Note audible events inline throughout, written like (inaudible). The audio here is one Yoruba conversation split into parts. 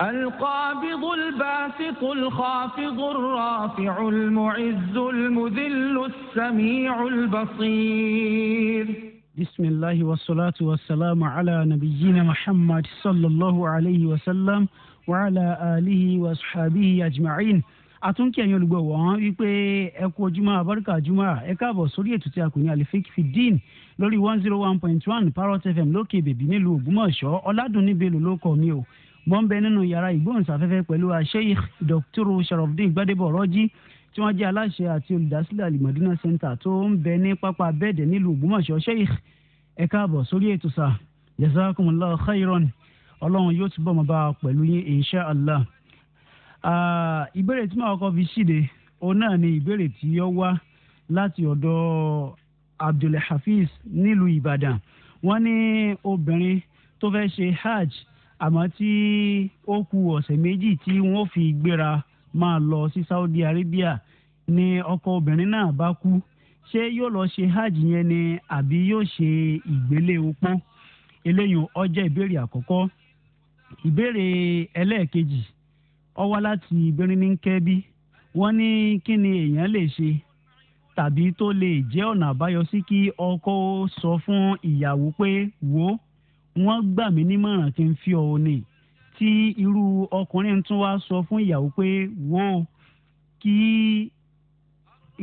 القابض الباسط الخافض الرافع المعز المذل السميع البصير بسم الله والصلاة والسلام على نبينا محمد صلى الله عليه وسلم وعلى آله وصحبه أجمعين àtúnkì ẹ̀yin olùgbọ̀wọ́ wọn wípé ẹ kú ojúmọ́ abárúkà jùmọ́ ẹ káàbọ̀ sórí ètò tí a kò ní alifik fidin lórí one zero one point one parrot fm lókè bèbí nílùú ògbómọ̀ṣọ́ ọ̀làdúnníbelò ló kọ́ mi o wọ́n ń bẹ nínú yàrá ìgbóhùnsáfẹ́fẹ́ pẹ̀lú Sheikh Dr. Sharafdin Gbadebo Ọ̀rọ́jì tí wọ́n jẹ́ aláṣẹ àti olùdásílẹ̀ Alimadina Center tó ń bẹ ní pápá bẹ́ẹ̀dẹ̀ nílùú Ògbómọ̀ṣọ́ Sheikh ẹ káàbọ̀ sórí ètò sà jazakumullahu khairan ọlọ́run yóò túbọ̀ máa bá a pẹ̀lú yín insha allah ìbéèrè tí màá kọ́ fi ṣíde òun náà ni ìbéèrè tí ó wá láti ọ̀dọ̀ Abdulhafiz nílùú Ìbàdàn wọ́n ní obìnrin tó fẹ́ ṣe hajj àmọ́ tí ó kù ọ̀sẹ̀ méjì tí wọ́n fi gbéra máa lọ sí Saudi Arabia ni ọkọ obìnrin náà bá kú ṣé yóò lọ ṣe hajj yẹn ni àbí yóò ṣe ìgbélé opó eléyìí ọjọ́ ìbéèrè àkọ́kọ́ ìbéèrè ẹlẹ́ẹ̀kejì ó wá láti Birnin-Kebbi wọ́n ní kí ni èèyàn lè ṣe tàbí tó lè jẹ́ ọ̀nà àbáyọ sí kí ọkọ sọ fún ìyàwó pé wò ó wọ́n gbà mí nímọ̀ràn kí n fi ọ́ ni tí irú ọkùnrin tún wá sọ fún ìyàwó pé wo kí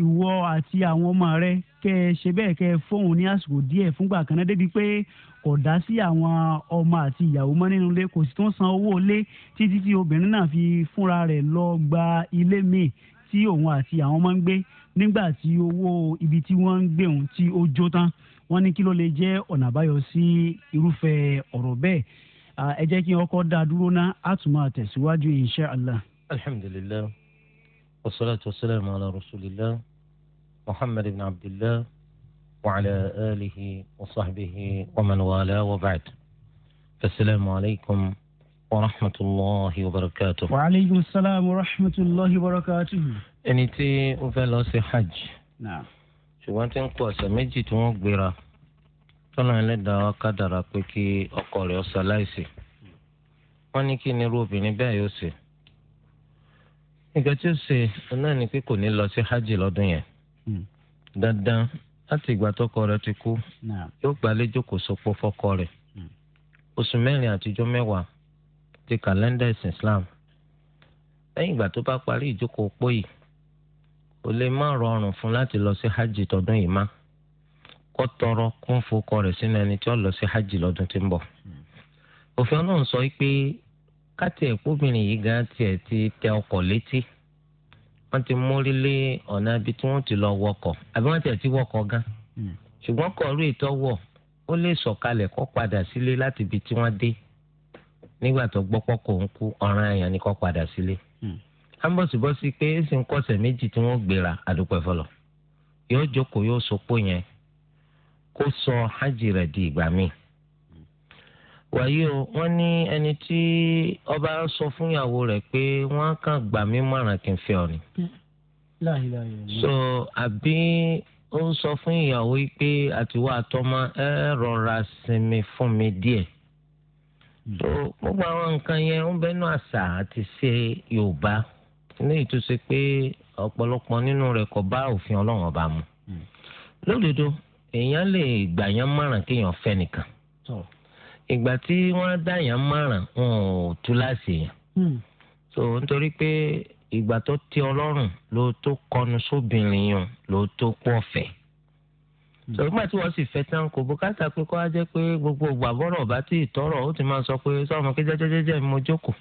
ìwọ àti àwọn ọmọ rẹ kẹ ẹ ṣe bẹ́ẹ̀ kẹ ẹ fóun ní àsìkò díẹ̀ fúngbà kan náà débi pé kò dá sí àwọn ọmọ àti ìyàwó mọ́ nínú ilé kò sì tún san owó ilé títí tí obìnrin náà fi fúnra rẹ̀ lọ gba ilé míì tí òun àti àwọn ọmọ ń gbé nígbà tí owó ibi tí wọ́n ń gbé òun tí ó jó tán wọ́n ní kí ló lè jẹ́ ọ̀nà àbáyọ sí irúfẹ́ ọ̀rọ̀ bẹ́ẹ̀ ẹ jẹ́ kí ọkọ̀ dá dúró ná a tún máa tẹ̀síwájú insha allah. alhamdulillah wasalaatu wasalaamu ala rasulillah muhammad ibn abdillah wa ala alihi wa sahbihi wa man wala wa ba'd fasalaamu alaykum wa rahmatulahi wa barakatuh. wa aleykum salaam wa rahmatulahi wa barakatuh. ẹni tí ó fẹ́ lọ sí hajj. naam ṣùgbọ́n tí ń kó ọ̀sẹ̀ méjì tí wọ́n gbéra tọ́nà ẹlẹ́dàá kádàrá pé kí ọkọ rẹ̀ ọ̀sẹ̀ láìsí wọ́n ní kí nírú obìnrin bẹ́ẹ̀ yóò ṣe nǹkan tí ó ṣe náà ni pé kò ní lọ sí hajj lọ́dún yẹn hmm. dandan láti ìgbà tọkọ ti kú yóò gbàlejò kò fọkọ oṣù ti Islam ìgbà tó bá parí ìjókòó kò lè má rọrùn fún láti lọ sí hajj tọdún yìí má kó tọrọ kún fokọ rẹ̀ sínú ẹni tí ó lọ sí hajj lọ́dún tí ń bọ̀ òfin Ọlọ́run sọ pé káti ẹ̀kúbìnrin yìí gan tiẹ̀ ti tẹ ọkọ̀ létí wọ́n ti mórí lé ọ̀nà ibi tí wọ́n ti lọ wọkọ̀ àbí wọ́n tiẹ̀ ti wọkọ̀ gan hmm. ṣùgbọ́n kọ̀ọ̀rú ìtọ́wọ̀ ó lè sọ̀kalẹ̀ kó padà sílé láti ibi tí wọ́n dé nígbà tó gbọ́ pọ́kọ̀ ń kú ọ̀ràn àyàn ni kó padà sílé ń bọ̀sibọ́sí pé èsì ń kọ́sẹ̀ méjì tí wọ́n gbéra àdúpẹ́ fọlọ́ yóò jókòó yóò sopó yẹn kó sọ hajj rẹ̀ di ìgbà míì wàyí o wọ́n ní ẹni tí ọba sọ fún ìyàwó rẹ̀ pé wọ́n kàn gbà mí mọ̀ràn kí n fẹ́ ọ ni. so àbí ó ń sọ fún ìyàwó yìí pé àtiwá àtọmọ ẹ rọra sinmi fún mi díẹ̀. gbogbo àwọn nǹkan yẹn ń bẹnu àṣà àti ṣe Yorùbá eléyìí tó ṣe pé ọ̀pọ̀lọpọ̀ nínú rẹ̀ kò bá òfin ọlọ́run ọba mu hmm. lódodo èèyàn lè gbà yán márùn kéèyàn fẹ́ nìkan ìgbà tí wọ́n dá yán márùn wọn ò tú láṣì yàn hmm. so nítorí pé ìgbà tó ti ọlọ́run ló tó kọnu sóbìnrin yàn ló tó pọ̀ fẹ́ hmm. sọgbọn tí wọ́n sì fẹ́ tán kò bùkátà pé kó wá jẹ́ pé gbogbo gbàbọrọ bá ti tọrọ ó ti máa sọ pé sọmọ kí jẹjẹjẹjẹ mo jókòó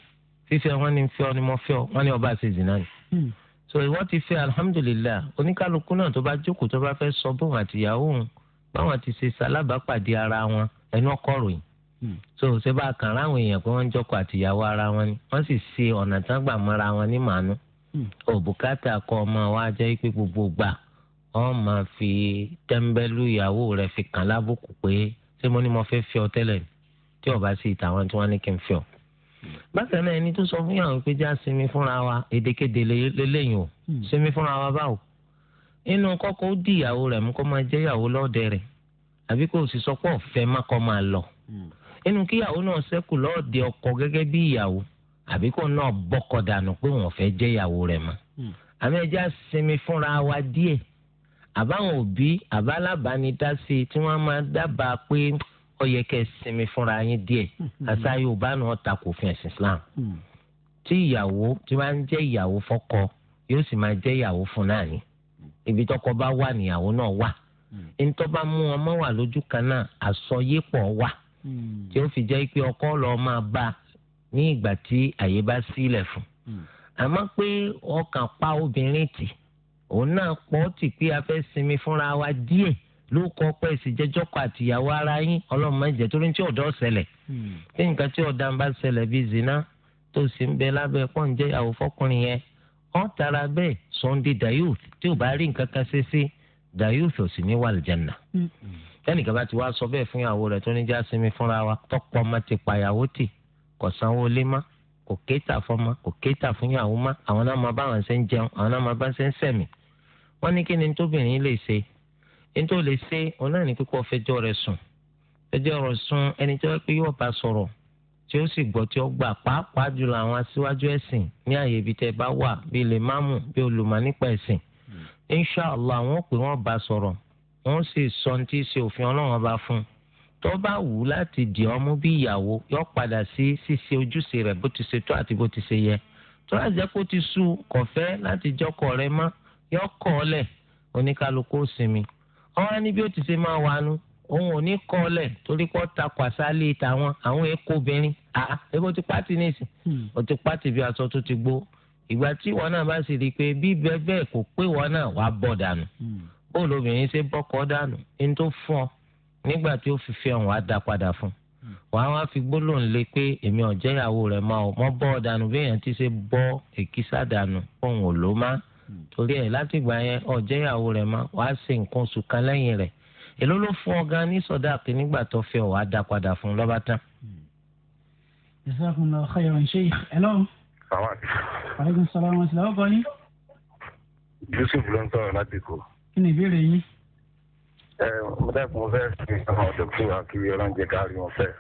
fífẹ́ wọn ni fẹ́ ọ ni mo fẹ́ ọ wọn ni ọba ṣe zina ni. Hmm. so ìwọ ti fẹ́ alhamdulilayi oníkálukú náà tó bá jókòó tó bá fẹ́ sọ bóun àti ìyàwó òun báwọn ti ṣe ṣalábàápàdé ara wọn ẹnu ọkọ ròyìn. Hmm. so ṣé bá a kàn ráwọn èèyàn pé wọ́n ń jọkọ̀ àti ìyàwó ara wọn ni wọ́n sì ṣe ọ̀nà tán gbà mọ́ra wọn ní màánú. òbúkátà hmm. kọ ọmọ wa jẹ́ pé gbogbo gbà wọ́n máa fi tẹ́ńbẹ́lú ìyàwó rẹ̀ fi kàn lábùkù pé ṣé mo ní mo fẹ́ fi ọ tẹ́lẹ̀ tí ọba sì tàwọn tí wọ́n ní kí n fi ọ bákan náà ẹni tó sọ fún yàrá pé já sinmi fúnra wa èdèkedè lélẹ́yìn o hmm. sinmi fúnra wa báwo inú kọ́kọ́ ó di ìyàwó rẹ̀ mú kó máa jẹ́ ìyàwó lọ́ọ̀dẹ rẹ̀ àbí kó o sì sọ pé ọ̀fẹ́ má kọ́ máa lọ hmm. inú kíyàwó náà ṣẹ́kù lọ́ọ̀dẹ ọkọ gẹ́gẹ́ bí ìyàwó àbí kó náà bọ́kọ dànù pé wọn fẹ́ jẹ́ ìyàwó rẹ̀ mọ́ hmm. àmì ẹja sinmi fúnra wa díẹ̀ àbáwọn òbí àbálàbánidásí tí wọ́n máa dábàá pé ó yẹ kẹ́ sinmi fúnra yín díẹ̀ hmm. àṣà yorùbá náà ta kò fi ẹ̀sìn islam hmm. tí ìyàwó tí wọ́n ń jẹ́ ìyàwó fọ́kọ yóò sì máa jẹ́ ìyàwó fún náà ni ibi tọkọ bá wà níyàwó náà wà hmm. ntọ́ bá mú ọmọ wà lójú kan náà àsọyépọ̀ wà tí ó fi jẹ́ pé ọkọ lọ máa bá ní ìgbà tí àyè bá sílẹ̀ fún àmọ́ pé ọkàn pa obìnrin tì òun náà pọ̀ tì pé a fẹ́ sinmi fúnra wa díẹ̀ ló kọ pé ìsìnjẹjọ kọ àtìyàwó ara yín ọlọ́run máa ń jẹ torí tí ọdọ ṣẹlẹ̀ hmm. tí nǹkan tí ọdà ń bá ṣẹlẹ̀ bíi zina tó sì ń bẹ lábẹ́ pọ́ǹjẹ ìyàwó fọkùnrin yẹn wọ́n tara bẹ́ẹ̀ sunday dayuth tí ò bá rí nǹkan kan ṣe sí dayuth ò sì ní wà lìjànà hmm. tẹnìkan bá ti wá sọ bẹ́ẹ̀ fún ìyàwó rẹ̀ tó ní já sinmi fúnra wa tọpọ ọmọ ti pàyàwó tì kò sanwó lé má kò kéta fọmọ kò kéta fún ìyàwó má àwọn náà máa bá wọn ṣe ń jẹun àwọn náà máa bá ṣe ń sẹmì wọ́n ní kí ni tóbìnrin lè ṣe nítorí lè ṣe òun náà ní kíkọ́ fẹjọ́ rẹ̀ sùn fẹjọ́ rẹ̀ sùn ẹni tí wọ́n pé yóò bá sọ̀rọ̀ tí ó sì gbọ́ tí ó gbà pàápàá jùlọ àwọn aṣíwájú ẹ̀sìn ní àyè ibi tẹ́ bá wà bíi lè máàmù bíi olùmọ̀ nípa ẹ̀sìn hmm. inṣàlá àwọn pè wọ́n bá sọ̀rọ̀ wọ́n sì sọ ní tí ṣe òfin ọlọ́run bá fún tó bá wù láti dì ọ́ mú bí ìyàwó yọ padà sí ṣíṣe ojúṣe rẹ̀ bó ti ṣe tó àti bó ti ṣe yẹ tó láti jẹ́ kó ti sú kọ̀fẹ́ láti jọ́kọ̀ rẹ̀ mọ́ yọ kọ́ ọ lẹ̀ oníkálukú sinmi wọn á ní bí ó ti ṣe máa wà nù òun ò ní kọ́ ọ lẹ̀ torí pọ́ takọ̀ àṣálẹ̀ tàwọn àwọn èkó obìnrin àá ebi ó ti pàtì nísìn hmm. ó ti pàtì bí aṣọ tó ti gbó ìgbà tí wọn náà bá sì rí i pé bí bẹ́ẹ̀ bẹ́ẹ̀ kò pé wọn náà wàá bọ̀ dànù hmm. bóòlù obìnrin ṣe bọ́kọ̀ dànù ẹni tó fún ọ nígbà tí ó fi fi ọ̀hún á dá padà fún hmm. wà á wá fi gbólóhùn lé pé èmi ọ̀jẹ́ ìyàwó rẹ̀ máa mọ́ bọ́ dànù bí èèyàn ti ṣe bọ́ èkísà dànù òun ò ló máa torí ẹ̀ láti gbà yẹn ọ̀jẹ́ ìyàwó rẹ̀ mọ́ wàá ṣe nǹkan oṣù kan lẹ́yìn rẹ̀ èló ló fún ọ gan ní sọdá àti nígbà tó fẹ́ ọ wàá dá padà fún lọ́ba tán. ìsàkùn lọ ọkọyọ ṣe ẹlọ. aleykum salaam wa rahmatulah ọkọ yín. yusuf ló ń sọ̀rọ̀ láti kó. kí ni ìbéèrè yín. ẹ mo dẹ́kun mo fẹ́ fi àwọn ọ̀dọ́ fún wa kiri ọlọ́njẹ káàrí wọn fẹ́.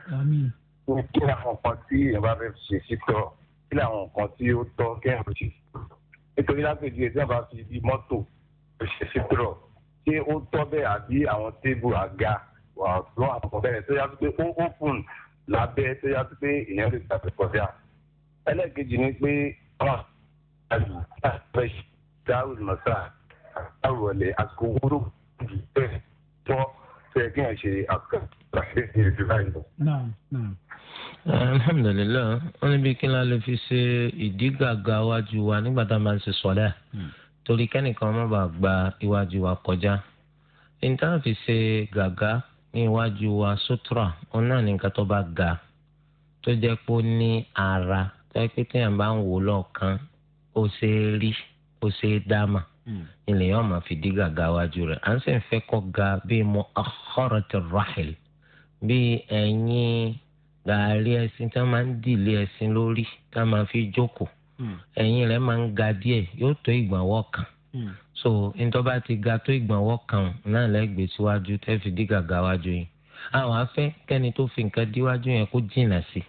kí ni àwọn nǹkan tí ìyẹn bá fẹ́ ṣe sí tọ́ kí ni àwọn nǹkan tí ó tọ́ kẹ́hìn nítorí lápèjì ẹ̀ tí wọ́n bá fi ibi mọ́tò ṣe síkúrọ̀ ṣé ó tọ́ bẹ́ẹ̀ àbí àwọn tébù àga wà lọ́wọ́ àkọ́kọ́ bẹ́ẹ̀ tó yàtọ̀ pé ó open lábẹ́ tó yàtọ̀ pé èèyàn lè gbàgbé kọjá ẹlẹ́ẹ̀kejì ni pé wọ́n ah, àgbà fẹ́ dáhùn mọ́tà àwọlé àsìkò wúrò bẹ́ẹ̀ tọ́ fẹ́ kí wọ́n ṣe àkàtà ṣe ìrìnàjò báyìí lọ alhamdulilayi wọn níbi kí la lè fi ṣe ìdígàgà iwájú wa nígbà tá a máa ń ṣe sọlẹ hmm. torí kẹ́nìkan má bàa gba iwájú wa kọjá níta fi ṣe gàgà ní iwájú wa sutura òun náà ní nǹkan tó bá ga tó jẹ́ pé ó ní ara tó pé téèyàn bá ń wò lọ́ọ̀kan ó ṣe é rí ó ṣe é dáàmà hmm. ilẹ̀ yóò máa fi dí gàgà iwájú rẹ̀ à ń sì ń fẹ́ kọ́ ga bíi mo akhọ́rọ̀ ti rahil bíi ẹ̀yìn gàárì ẹṣin tí wọ́n máa ń dìlé ẹṣin lórí tí wọ́n máa fi jókòó hmm. ẹ̀yìn rẹ̀ máa ń ga díẹ̀ yóò tó ìgbọ̀nwọ́ kan hmm. so ntọ́ba ti ga tó ìgbọ̀nwọ́ kan náà lẹ́gbẹ̀ẹ́ síwájú tẹ́ fi dí gàgà wájú yìí àwọn afẹ́ kẹ́ni tó fi nǹkan díwájú yẹn kó jìnnà sí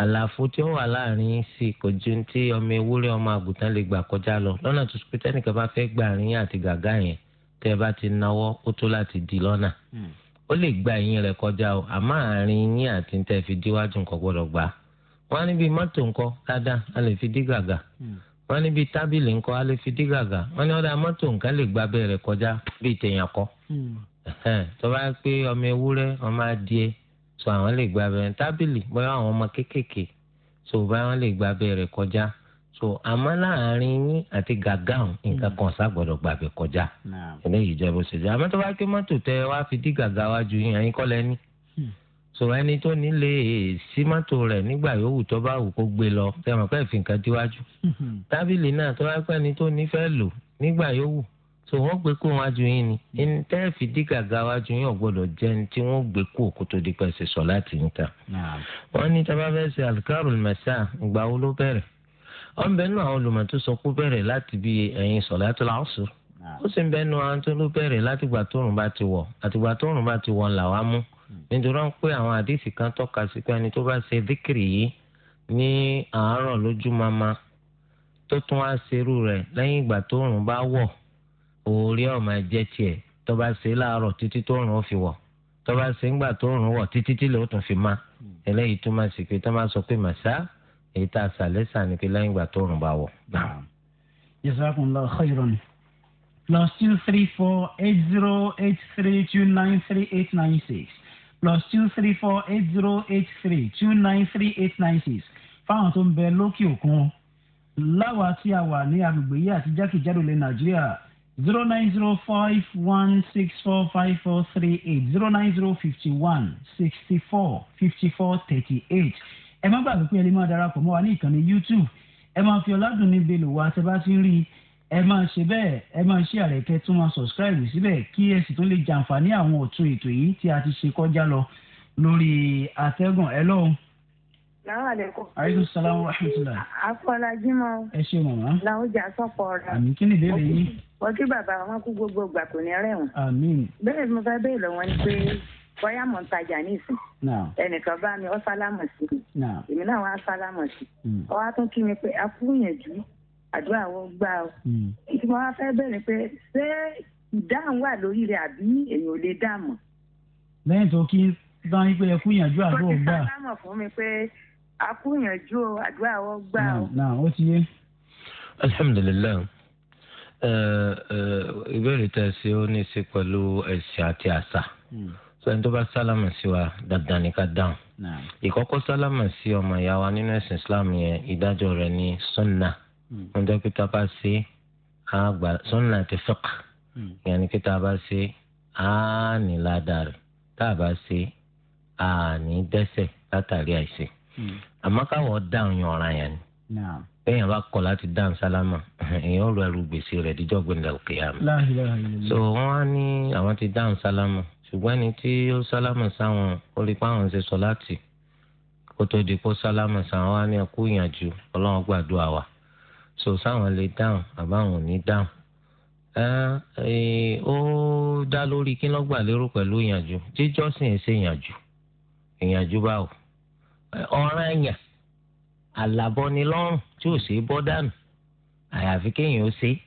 àlàfo tí ó wà láàrin yín sí kò ju ti ọmọ ewúrẹ́ ọmọ àgùntàn lè gbà kọjá lọ lọ́nà tó sọ pé tẹ́nìkan bá fẹ́ gbà rin àti gàgà yẹn tẹ́ bá ti náwó ó tó láti dì lọ́nà. Hmm ó lè gba ẹ̀yìn rẹ̀ kọjá o àmọ́ àárín yín àti tẹ́ fi díwájú nǹkan gbọ́dọ̀ gbà wọ́n á níbi mọ́tò ńkọ́ dáadáa a lè fi dí gàgà hmm. wọ́n á níbi tábìlì ńkọ́ a lè fi dí gàgà wọ́n ní ọ̀dà mọ́tò nǹkan lè gba abẹ́ kọjá bíi tèèyàn kọ́ hmm. tó bá pé ọmọ ewúrẹ́ ọmọ adìẹ so àwọn lè gba abẹ́ tábìlì bóyá àwọn ọmọ kéékèèké so bóyá wọ́n lè gba abẹ́ kọjá so àmọ́ láàrin yín àti gàgáhùn hmm. nǹkan kan ṣàgbọ́dọ̀ gbàgbé kọjá eléyìí jẹ́ bó ṣe jẹ́ àmọ́ tó bá ké mọ́tò tẹ wá fi dí gàgá wájú yín àyín lẹ́ni hmm. so ẹni tó nílé sí mọ́tò rẹ̀ nígbà yòówù tó bá wù kó gbé lọ tẹmọ̀ pé fi nǹkan díwájú hmm. tábìlì náà tó bá pẹ́ ni tó nífẹ̀ẹ́ lò nígbà yòówù so wọ́n gbé kó wájú yín ni ẹni tẹ́ fi dí gàgá wájú yín ọ̀gbọ́dọ̀ jẹ́ ẹni tí wọ́n gbé kó kó tó di pẹ́ ṣe ọ̀n bẹ́ẹ̀ nù àwọn olùmọ̀ tó sọ kó bẹ̀rẹ̀ láti bí ẹ̀yìn sọ̀látul asr ó sì ń bẹ́ẹ̀ nù àwọn tó ló bẹ̀rẹ̀ látìgbà tóòrùn bá ti wọ̀ àtìgbà tóòrùn bá ti wọ̀ là wá mú nítorí wọn pé àwọn àdìsí kan tọ́ka sí pé ẹni tó bá ṣe díkìrì yìí ní àárọ̀ lójú mama tó tún wá ṣerú rẹ̀ lẹ́yìn ìgbà tóòrùn bá wọ̀ òórí ọ̀ jẹ́ tiẹ̀ tó bá ṣe láàárọ̀ títí tóòrùn ó fi wọ̀ tó bá ṣe ńgbà tóòrùn wọ̀ títí tí lóòótọ́ fi má eléyìí túmọ̀ sí pé tó máa sọ pé màsá èyí tá a sàlẹ̀ sàn ni pé lẹ́yìn ìgbà tó rùn bá wọ̀. jazakumullahu khairan plus two three four eight zero eight three two nine three eight nine six plus two three four eight zero eight three two nine three eight nine six fáwọn tó ń bẹ lókè òkun láwa tí a wà ní agbègbè yìí àti jákèjádò lẹ nàìjíríà zero nine zero five one six four five four three eight zero nine zero fifty one sixty four fifty four thirty eight ẹ má gbàgbé pé ẹ lè máa darapọ̀ mọ́ wa ní ìkànnì youtube ẹ máa fi ọ̀làdùn ní belò wa tẹ́ bá ti rí ẹ máa ṣe bẹ́ẹ̀ ẹ máa ṣe àrẹ̀kẹ́ tún máa subscribe síbẹ̀ kí ẹ sì tún lè jàǹfààní àwọn ọ̀tun ètò yìí tí a ti ṣe kọjá lọ lórí àtẹ́gùn ẹ lọ́hùn. Láwàlẹ́kọ̀. Aleykum salaam wa rahmatulah. Afọlájímọ̀. Ẹ ṣe màmá. Làwùjá sọ̀pọ̀ rẹ̀. Àmì kí ni ìbéèrè yín? Wọ́n kí bàbá wọn kú gbogbo ìgbà kò ní rẹ̀wọ̀n. Àmín. Bẹ́ẹ̀ ni mo fẹ́ bẹ́ẹ̀ lọ́wọ́ ni pé bóyá mọ̀ ń tajà ní ìsìn ẹnìkan bá mi ọ sálámù sí mi èmi náà wá sálámù sí ọ hmm. wá tún kí mi pé afúnyẹ̀jú àdúrà wo gbà ọ ìdí hmm. mo wá fẹ́ bẹ̀rẹ̀ pé ṣé ìdáhùn wà lórí rẹ̀ àbí èèyàn ò lè dáàmú. lẹ́yìn tó kí bá ń pè é kúnyànjú àdúrà ó gbà. ó ti sálámù fún mi pé akúnyànjú àdúrà ó gbà ọ. náà ó ti yé. alhamdulilayi ìbéèrè tẹ̀sí ó ní í ṣe pẹ̀lú ẹ̀sìn àti àṣà. Hmm sọ́ni tó bá sálámà sí wa dandan ni ká dáhùn. ìkọ́kọ́ sálámà sí ọmọ ìyá wa nínú ẹ̀sìn islam yẹn ìdájọ́ rẹ̀ ní sunna wọ́n jẹ́ pé tá a bá ṣe àgbà sunna ti fiqh hmm. yẹn ni pé tá a bá ṣe àání ládàrí tá a bá ṣe àání dẹ́sẹ̀ látàrí àìṣe. Hmm. àmọ́ káwọn dáhùn yan ọ̀ràn yẹn ni bẹ́ẹ̀yàn bá kọ̀ láti dáhùn sálámà (laughs) èèyàn rọ ẹrù gbèsè rẹ̀ díjọ́ gbẹ̀ndàlùkìyàmù. so wọ́n á ní àwọn ti dáhùn sálámà ṣùgbọ́n ẹni tí ó sálámà sáwọn ó rí pé àwọn ń ṣe sọ láti kó tó di kó sálámà sáwọn wá ní ẹkú ìyànjú ọlọ́run gbàdúrà wa so sáwọn lè dáhùn àbáwọn ò ní dáhùn ó dá lórí kí lọ́gbà lérò pẹ̀lú ìyànjú jíjọ́sìn ẹ̀ ṣe ìyànjú ìyànjú báwo ọ̀ràn ẹ̀yàn àlàbọ̀nilọ́rùn tí ò ṣe é bọ́ dànù àyàfi kéèyàn ó ṣe é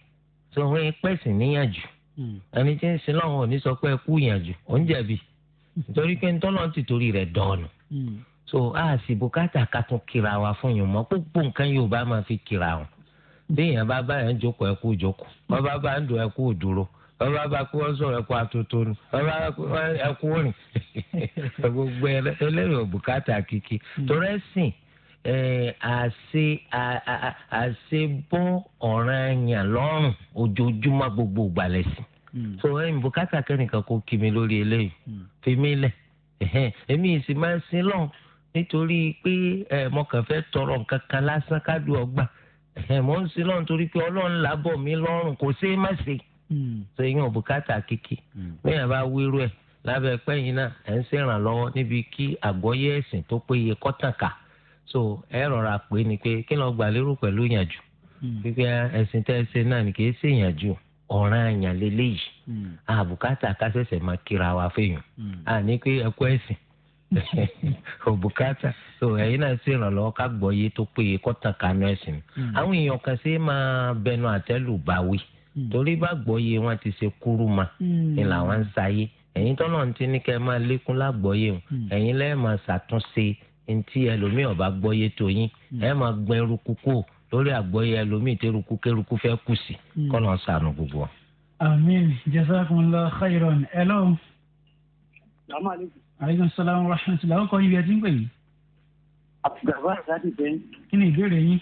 tó wọ́n pẹ̀sìn níyànjú Mm. ẹni tí ń sin lọ́wọ́ òní sọ pé kú ìyànjú òun jẹ̀bi nítorí pé torí rẹ̀ mm. so a sì bùkátà ká tún kíra wa fún yìí mọ́ gbogbo nǹkan Yorùbá máa fi kira wọn béèyàn bá báyàn jókòó ẹkú jókòó wọn bá bá ń dùn wọn bá bá wọn bá rìn (laughs) gbogbo àṣebọ́ ọ̀ràn yàn lọ́rùn ojoojúmọ́ gbogbo ìgbàlẹ̀ hmm. so ẹ̀yin bùkátà kẹ́nìkan kò kí mi lórí eléyìí hmm. fi mí lẹ̀ èmi sì máa ń sin lọ́hùn nítorí pé mo kàn fẹ́ tọrọ nǹkan kan lásán ọgbà mo ń sin lọ́hùn torí pé mi lọ́rùn kò má hmm. so ò bùkátà bẹ́ẹ̀ bá ẹ̀ lábẹ́ pẹ́yìn náà ẹ̀ ń ṣèrànlọ́wọ́ níbi kí so ẹ rọra pé ni pé kí ló gbà lérò pẹ̀lú ìyànjú pípẹ hmm. ẹ̀sìn tẹ ẹsẹ náà ni kìí ṣe ìyànjú ọ̀ràn àyàn lélẹyìí àbùkátà hmm. kásẹsẹ máa kíra wa fẹyìn àní hmm. pé ẹkọ ẹ̀sìn (laughs) òbùkátà so ẹ̀yin náà ṣe ìrànlọ́wọ́ ká gbọ́ iye tó péye kọtàn kanú ẹ̀sìn àwọn èèyàn kan ṣe máa bẹnu àtẹ́lù báwí torí bá gbọ́ iye wọn ti ṣe kúrú ma ni làwọn ń ṣayé ẹ̀yin tọ́nà ti ní kẹ́ máa lékún lágbọ́yé o ẹ̀yin lẹ́ẹ̀ máa ṣàtúnṣe ntí ẹlòmíì ọba gbọ́yé tó yín hmm. ẹ máa gbọ́n eruku kó lórí àgbọ́yé ẹlòmíì tẹ́ruku kẹ́ruku fẹ́ kù sí hmm. kọ́nà sànù gbogbo. àmín jazakumullahu khairan hello. salaamaleykum. aleykum salaam wa rahmatulah ọkọ ibi ẹtí ń pè yín. àbùdàbà àti bẹ́ẹ̀. kí ni ìbéèrè yín.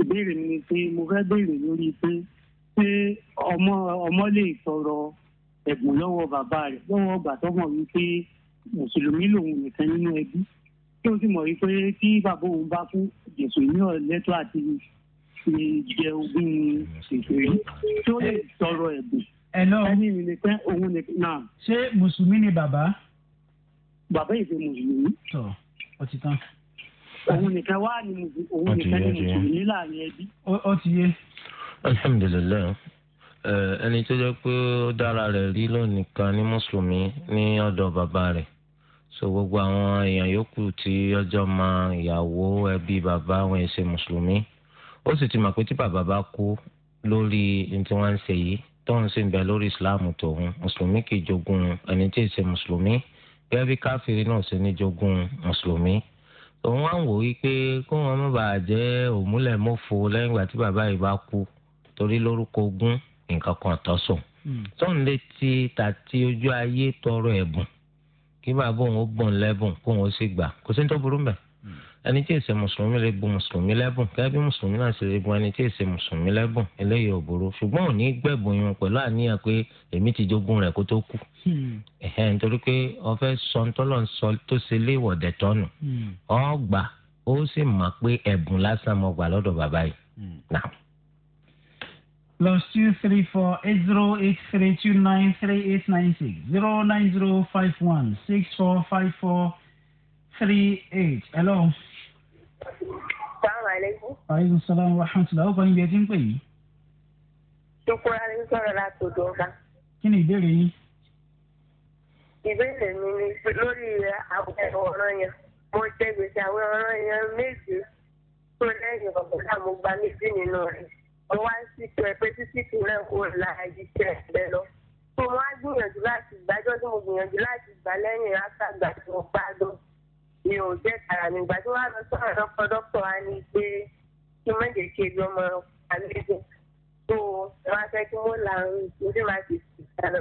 ìbéèrè mi ni pé mo fẹ́ béèrè lórí pé pé ọmọ ọmọ lè tọrọ ẹ̀bùn lọ́wọ́ bàbá rẹ̀ lọ́wọ́ ọgbà tọ́mọ̀ wípé mùsùlùmí lòun nìkan nínú ẹbí tó sì mọ̀ wípé tí bàbá òun bá kú jésù ní ọ̀lẹ́tọ̀ àti jẹ ogún ètò yìí tí ó lè tọrọ ẹ̀bùn ẹni mi ni pé òun ni náà. ṣé mùsùlùmí ni bàbá. bàbá yìí fi mùsùlùmí. tọ ọ ti tán. òun nìkan wá ní òun nìkan ní mùsùlùmí láàrin ẹbí. ó ti yé. alhamdulilayi ẹni tó jẹ́ pé ó dára rẹ̀ rí lónìí kan ní mùsùlùmí ní ọ̀dọ̀ bàbá rẹ̀ so gbogbo àwọn èèyàn yòókù tí ọjọ́ ma ìyàwó ẹbí bàbá àwọn ẹ̀sìn mùsùlùmí ó sì ti mọ̀ pé tí bàbá bá kú lórí ní tí wọ́n ń ṣe yìí tóun sì ń bẹ lórí ìsìláàmù tòun mùsùlùmí kì í jogún ẹni tí ì ṣe mùsùlùmí gẹ́gẹ́ bí káfíìrì náà ṣe ní jogún mùsùlùmí òun wá ń wò wí pé kó wọn má bàa jẹ́ òmùlẹ̀mọ́fo lẹ́yìn ìgbà tí bàbá yìí bá kú torí lórúkọ ogún nǹkan kan tọ́sùn tóun lè ti tàti ojú ayé tọrọ ẹ̀bùn kí bàbá òun ó bùn lẹ́bùn kó òun ó sì gbà kò sí ní tó burú mbẹ̀ ẹni tí èsè mùsùlùmí lè bùn mùsùlùmí lẹ́bùn gẹ́gẹ́ bí mùsùlùmí náà ṣe lè bùn ẹni tí èsè mùsùlùmí lẹ́bùn eléyìí ò burú ṣùgbọ́n ò ní gbẹ̀bùn yun pẹ̀lú àníyàn pé èmi ti jogún rẹ̀ kó tó kú ẹ̀hẹ́n nítorí pé ọ̀fẹ́ sọ sọ tó ṣe léwọ̀dẹ̀ tọ́nu ọ̀gbà ó sì mọ̀ pé ẹ̀bùn lásán mọ̀ gbà lọ́dọ̀ bàbá yìí plus two three four eight zero eight three two nine three eight nine six zero nine zero five one six four five four three eight. Hello. salaamaleykum. aleykum salaam wa rahmatulah ó kọ́ níbi ẹtí ń pè yìí. dúkúrá ní sọ̀rọ̀ láti odò ọ̀gá. kí ni ìbéèrè yín. ìbéèrè mi ni lórí àwòrán ọ̀ràn yẹn mo jẹ gbèsè àwọn ọ̀ràn yẹn tó lẹ́yìn ọ̀gá mo gba méjì nínú rẹ̀. mo wá ń sìnkú ẹ pé títí kù rẹ̀ kò la iṣẹ́ ẹ lọ. mo wá gbìyànjú láti gbàjọ́ tí mo gbìyànjú láti gbà lẹ́yìn látàgbà tí mo bá lọ. mi ò jẹ́ tàrà mi ìgbà tí wọ́n á lọ sọ̀rọ̀ dọ́kọ̀ dọ́kọ̀ wa ni pé kí má jẹ́ kí ebi ọmọ àlejò tó wọ́n á fẹ́ kí wọ́n là ń ojú máa ti sì dáná.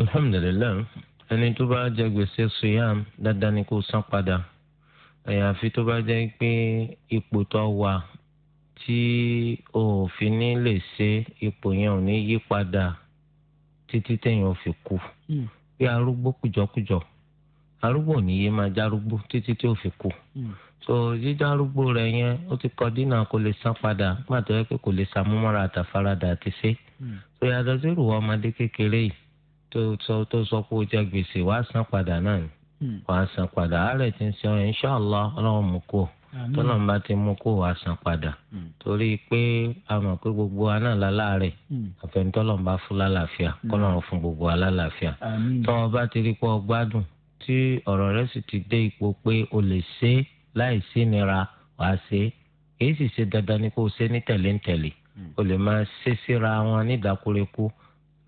alhamdulilayi ẹni tó bá jẹ gbèsè suyam dandan ni kó san padà àyàfi tó bá jẹ pé ipò tó wà tí o ò fi ní lè ṣe ipò yẹn ò ní yí padà títí téèyàn ò fi kú hmm. bí arúgbó kùjọkùjọ arúgbó ò ní yé máa járúgbó títí tí ò fi kú hmm. so jíjárúgbó rẹ yẹn ó ti kọ dínà kó lè san padà kò lè àtàfaradà sọ pé ó jẹ gbèsè wàá san padà náà hmm. wàá san padà Allah mú tọ́lọ́n bá ti mú kó wàá san padà hmm. torí pé a mọ̀ pé gbogbo wa náà lálàárẹ̀ hmm. àfẹnitọ́lọ́n bá fún lálàáfíà hmm. kọ́lọ́run fún gbogbo wa lálàáfíà tọ́ ọ bá ti rí pé ọ gbádùn tí ọ̀rọ̀ rẹ sì ti dé ipò pé o lè ṣe é láì sí nira wàá ṣe é kìí sì ṣe dandan ni kó o ṣe ní tẹ̀léńtẹ̀lé o lè máa ṣe síra wọn nídàkúrekú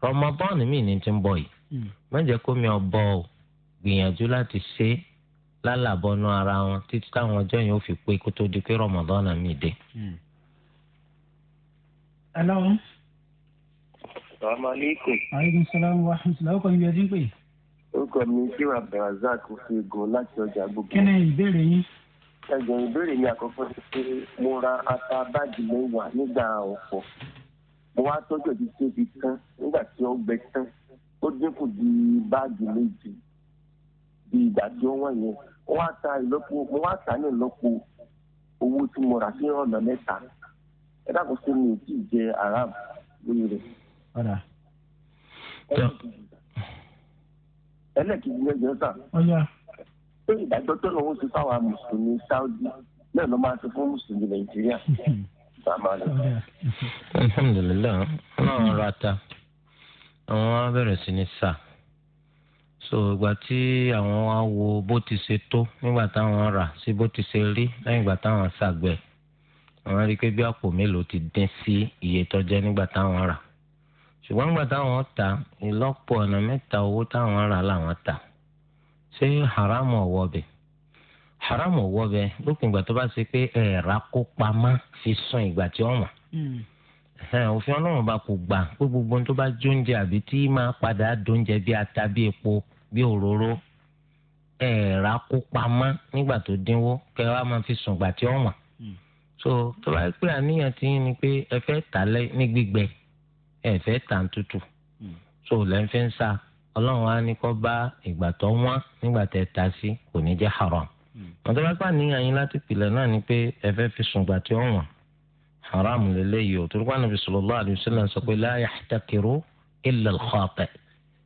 Ramadan mi ní ti ń bọ̀ yìí má kó mi ọ̀ bọ̀ gbìyànjú láti ṣe é lálàbọnú ara wọn títí táwọn ọjọ́ yẹn ó fi pé kó tó di pé rọmọdọ́nà mi dé. ẹ̀lọ́. Hmm. salaamaleykum. aleykum salaam wa rahmatulah ọkọ ibi ẹdín pè. orúkọ mi ṣé abdulrasaq fi gùn láti ọjà gbogbo. kí ni ìbéèrè yín ẹjọ ìbéèrè mi àkọ́kọ́ ti pé mo ra ata báàgì mẹ́wàá nígbà ọ̀pọ̀ mo wá tọ́jú òbí tí ó ti tán nígbà tí ó gbẹ tán ó dínkù di báàgì méjì bí ìgbà tí ó wọ̀nyẹn mo wá ta ìlọ́po mo wá ta ní ìlọ́po owó tí mo rà sí ọ̀nà mẹ́ta ẹ dákun sí mi tí ì jẹ aram lórí rẹ̀. ẹlẹ́kìtì ní ẹjọ́ sà pé ìdájọ́ tó lọ́wọ́ sí fáwọn mùsùlùmí Saudi náà ló máa ti fún mùsùlùmí Nàìjíríà. alhamdulilayi wọn rà ta àwọn abẹ̀rẹ̀ sí ní sáà so ìgbà tí àwọn wá wo bó ti ṣe tó nígbà táwọn rà sí bó ti ṣe rí lẹ́yìn ìgbà táwọn ṣàgbẹ̀ àwọn rí i pé bí àpò mélòó ti dín sí iye tó jẹ́ nígbà táwọn rà ṣùgbọ́n nígbà táwọn ta ìlọ́pọ̀ ọ̀nà mẹ́ta owó táwọn rà làwọn ta ṣé haramu ọ̀wọ́ bẹ̀ haramu ọ̀wọ́ bẹ̀ lópin ìgbà tó bá ṣe pé ẹ̀ẹ̀rà kó pamọ́ fi sún ìgbà tí ọ̀wọ́n hmm. òfin ọlọ́run bá kò gbà pé gbogbo ohun tó bá jóúnjẹ àbí tí máa padà dóúnjẹ bí ata bí epo bí òróró ẹ̀ẹ̀rà kó pamọ́ nígbà tó dínwó kẹ́ wàá máa fi sùn gbà tí ó wọ̀n. Hmm. so tó bá pé àníyàn ti yín ni pé ẹ fẹ́ tà ní gbígbẹ ẹ fẹ́ tà ní tútù hmm. so lẹ́yìn fẹ́ ń sa ọlọ́run á ní kó bá ìgbà tó wọ́n nígbà tẹ́ ta sí kò ní jẹ́ haram. wọ́n hmm. tó bá pé àníyàn yín láti pìlẹ̀ náà ni pé ẹ fẹ́ fi sùn gbà tí ó wọ̀n haram lélẹ́yìí o torí Ànábì sallallahu alaihi wasallam sọ pé la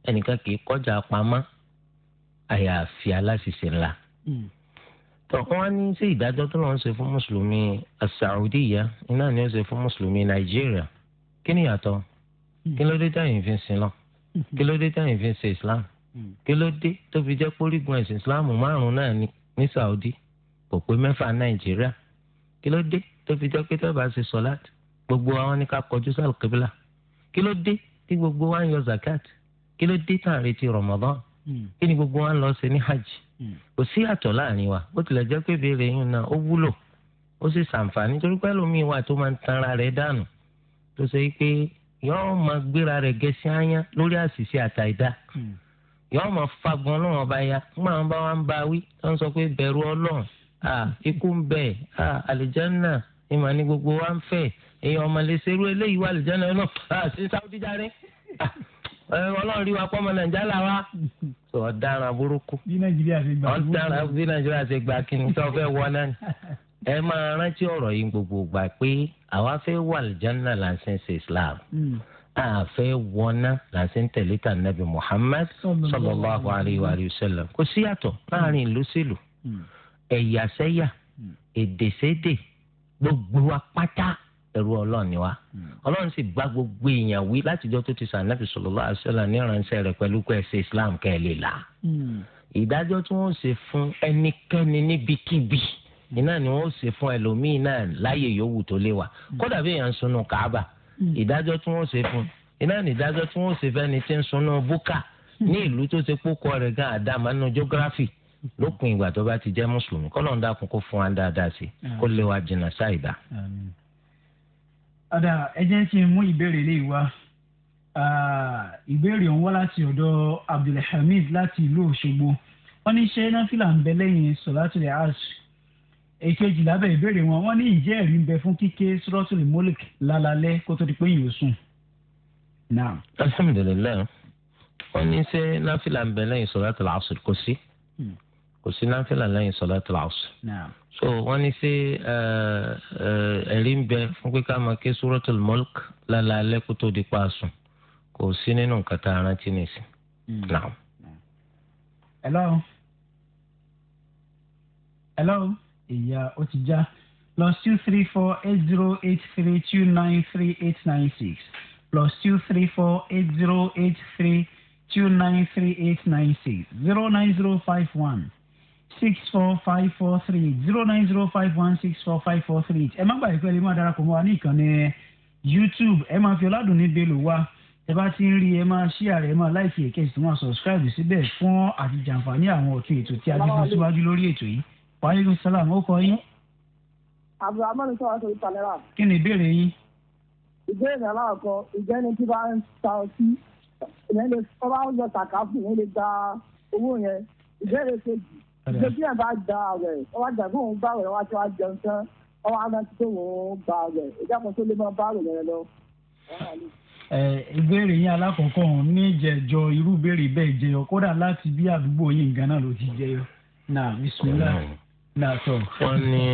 ẹnìkan kì í kọjá pamọ́ àyàfi aláṣìṣe ńlá. Hmm. tọ̀kan wá ní sí ìdájọ́ tó lọ́n ṣe fún mùsùlùmí Saudiya iná ni ó ṣe fún mùsùlùmí Nàìjíríà kí ni yàtọ̀ hmm. kí ló dé táyìn fi ń sin lọ hmm. kí ló dé táyìn fi ń ṣe Islam kí ló dé tó fi jẹ́ pórígun ẹ̀sìn Islam márùn-ún náà ní Saudi kò pé mẹ́fà Nàìjíríà kí ló dé tó fi jẹ́ pé tó bá ṣe sọ́láàtì gbogbo àwọn ní ká kọjú sálùkébìlà kí ló dé tí gbogbo wa ń yọ zakat kí ló dé tá Hmm. kí ni gbogbo wa ń lọ ṣe ní hajj hmm. kò sí àtọ̀ láàrin wa bó tilẹ̀ jẹ́ pé béèrè yín náà ó wúlò ó sì ṣàǹfààní torí pé ẹlòmíì wà tó máa ń tanra rẹ̀ dànù tó ṣe pé yọ́ọ́ máa gbéra rẹ̀ gẹ̀ẹ́sì áyán lórí àṣìṣe àtàìdá hmm. yọ́ọ́ máa fagbọn ọlọ́run ọba ya fún àwọn bá wa ń ba wí tó sọ pé bẹ̀rù ọlọ́run ikú ń bẹ àlìjánà ìmọ̀ ni gbogbo wa ń fẹ́ èèyàn ọmọlẹ́sẹ̀rú eléyìí wà àlìjánà náà sí sáúdí ọlọ́run rí wa pọ́mọ nàìjíríà là wa sọ ọ̀daràn burúkú ọ̀daràn bí nàìjíríà ṣe gba kíni tó fẹ́ wọ náà ẹ máa rántí ọ̀rọ̀ yìí gbogbo gbà pé àwa fẹ́ wà lìjánná là ń islam àfẹ́ hmm. wọná là ń sìn tẹ̀lé tà nàbì muhammad sallallahu alayhi wa sallam kò síyàtọ̀ láàrin ìlú sílù hmm. ẹ̀yà sẹ́yà hmm. èdè sédè gbogbo wa ẹrú ọlọ́run ni wa hmm. ọlọ́run sì gbá gbogbo èèyàn wí látijọ́ tó ti sànàbì sallallahu alaihi wasallam ní ìránṣẹ́ rẹ̀ pẹ̀lú pé ẹ̀sìn islam kẹ́ ẹ lè là hmm. ìdájọ́ tí wọ́n ṣe fún ẹnikẹ́ni níbikíbi hmm. iná ni wọ́n ṣe fún ẹlòmíín náà láyè yòówù tó lé wa kódà bí èèyàn ń sunú kaaba ìdájọ́ tí wọ́n ṣe fún iná ni ìdájọ́ tí wọ́n ṣe fẹ́ni tí ń sunú búkà ní ìlú tó ṣe pókọ rẹ̀ gan àdàmánú geography lópin ìgbà tó bá ti jẹ́ mùsùlùmí kọ́lọ́ọ̀dà kún kó fún wa dáadáa sí kó lè wa jìnnà sáì dá ọ̀dà ẹ jẹ́ kí n mú ìbéèrè lè wá ìbéèrè ọ̀hún wá láti ọ̀dọ̀ Abdulhamid láti ìlú Òṣogbo wọ́n ní ṣé náfìlà ń bẹ lẹ́yìn sọ̀látìlẹ̀ asr èkejì lábẹ́ ìbéèrè wọn wọ́n ní ìjẹ́ ẹ̀rí ń bẹ fún kíké sọ́rọ́tìlì mólík lálálẹ́ kó tó di pé yìí ó sùn. alhamdulilayi wọ́n ní ṣé náfìlà ń bẹ lẹ́yìn sọ̀látìlẹ̀ asr kò sí hmm. kò sí náfìlà lẹ́yìn sọ̀látìlẹ̀ asr so wọ́n ní ṣé ẹ̀rí ń bẹ fún pé ká máa ké suratul mulk lálaalẹ́ kó tó di pa sùn kò sí nínú nǹkan tá a rántí nìsín. Hmm. hello hello ìyá ó ti já plus two three four eight zero eight three two nine three eight nine six plus two three four eight zero eight three two nine three eight nine six zero nine zero five one six four five four three zero nine zero five one six four five four three ẹ má gbàgbé pé ẹ lè máa darapọ̀ mọ́ wa ní ìkànnì youtube ẹ máa fi ọ̀làdùn ní bẹ́ẹ̀lù wa ẹ bá ti ń rí ẹ máa share ẹ máa like ẹ kẹ́sì tí wọ́n subscribe síbẹ̀ fún àti jàǹfààní àwọn ọ̀tún ètò tí a ti fún síwájú lórí ètò yìí wàhálà sálàm ó kọ yín. abdulhamid sọ wá sórí palẹ́rà. kí ni ìbéèrè yín. ìbéèrè aláàkọ ìjẹ́ ni tí bá ń ta ọtí ìyẹn lè tọ́ bá ń yọ tàkà fún ìyẹn lè gba owó yẹn ìbéèrè kejì ṣe bí ẹ̀ bá gba àwẹ̀ ọwọ́ àgbà fún òun bá àwẹ̀ ọwọ́ àti wàá jẹun tán ọwọ́ àgbà tí tó wọ́n gba àwẹ̀ ìjápọ̀ tó lè máa bá àwẹ̀ rẹ lọ. ìbéèrè yín alákọ̀ọ́kọ́ ní ìjẹ́jọ́ irú ìbéèrè bẹ́ẹ̀ jẹyọ kódà láti bí àdúgbò yín gan náà ló ti jẹyọ náà bisimilá náà sọ. wọ́n ní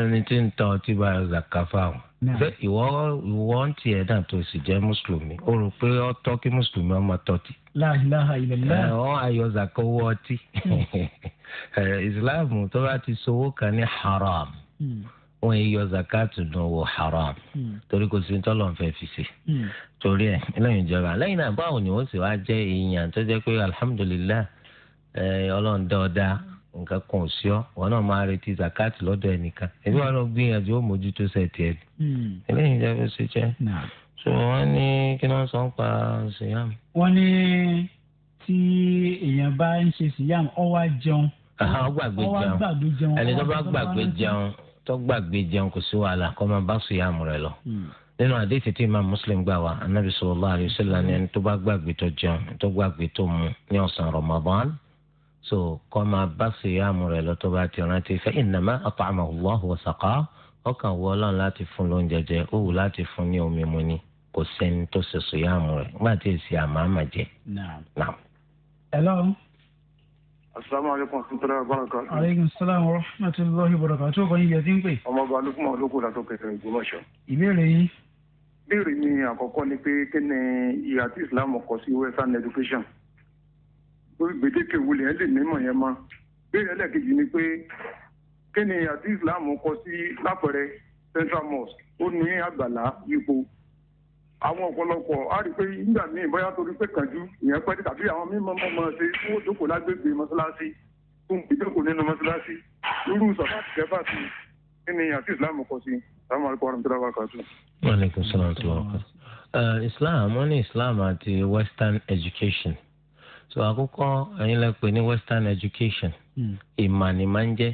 ẹni tí ń ta ọtí bá zaka fáwọn bẹ́ẹ̀ ìwọ ìwọ ń tiẹ̀ náà tó sì jẹ́ mùsùlùmí ó rò pé ó tọ́ kí mùsùlùmí ọmọ tọ́tì láàhìláhà ìlẹ̀lá. àwọn ayọ̀ zaka owó ọtí islam hmm. (laughs) tó bá ti sowó kan ní haram hmm. wọn yíyọ zaka tùdùn wò haram hmm. torí kò sí tọ́lọ̀ ń fẹ́ fi ṣe torí ẹ̀ lẹ́yìn ìjọba lẹ́yìn náà báwo ni wọ́n sì wá jẹ́ èèyàn tó jẹ́ pé alihamudulilayi ọlọ́run dá nǹkan kan ò sí ọ wọn náà máa retí zakat lọ́dọ̀ ẹnìkan ẹbí wọn náà gbìyànjú ó mójútó sẹ̀ tiẹ̀ ni eléyìí ṣe jẹ́ so wọ́n ní kí wọ́n sọ pa siyam. wọ́n ní tí èèyàn bá ń ṣe siyam ó wá jẹun. ó gbàgbé jẹun ẹni tó bá gbàgbé jẹun tó gbàgbé jẹun kò sí wàhálà kó máa bá siyam rẹ̀ lọ hmm. nínú àdéhìí tí imam muslim gbà wá anabi sallallahu alayhi wa sallam ni ẹni tó bá gbàgbé tó jẹun tó gbàgbé tó mu ní ọ̀sán ramadan so kọ́ máa bá síyàmù rẹ̀ lọ́tọ́ bá ti rántí fa innama at'amahu Allahu wa saqahu ọkàn wọ́ ọlọ́run láti fún lóúnjẹ jẹ ó wù láti fún ní omi mu ni kò sẹ́ni tó ṣe sòyàmù rẹ̀ nígbà tí èsì àmàmà jẹ. hello. asalaamualeykum sutara baraka. aleykum salaam wa rahmatulahi baraka tó kọ́ yín yẹ ti ń pè. ọmọ ọba alukuma olóko la tó kẹsẹ̀ ìgbìmọ̀ṣọ. ìbéèrè yìí. ìbéèrè mi àkọ́kọ́ ni pé kí ni ìhà tí islam kọ sí western education. lórí gbèdéke wulẹ̀ ẹ̀ lè mímọ̀ yẹn mọ́. ìbéèrè ẹlẹ́kejì ni pé kí ni ìhà tí islam kọ sí lápẹ̀rẹ̀ central mosque ó ní àgbàlá yípo àwọn ọ̀pọ̀lọpọ̀ á rí i pé nígbà míì bóyá torí pé kánjú ìyẹn pẹ́ tàbí àwọn mímọ́ mọ́ mọ́ ṣe tí wọ́n jókòó lágbègbè mọ́ṣáláṣí fún ìjókòó nínú mọ́ṣáláṣí irú sọ̀tà kẹfà sí kí ni àti ìsìlámù kọ sí sàmú àlùkò ọ̀rọ̀ nítorí àwọn kàtó. wọn ní kò sọ̀rọ̀ tó wọn islam wọn ní islam àti western education so àkọ́kọ́ ẹ̀yin lẹ pè ní western education hmm. ìmọ̀ ni máa ń jẹ́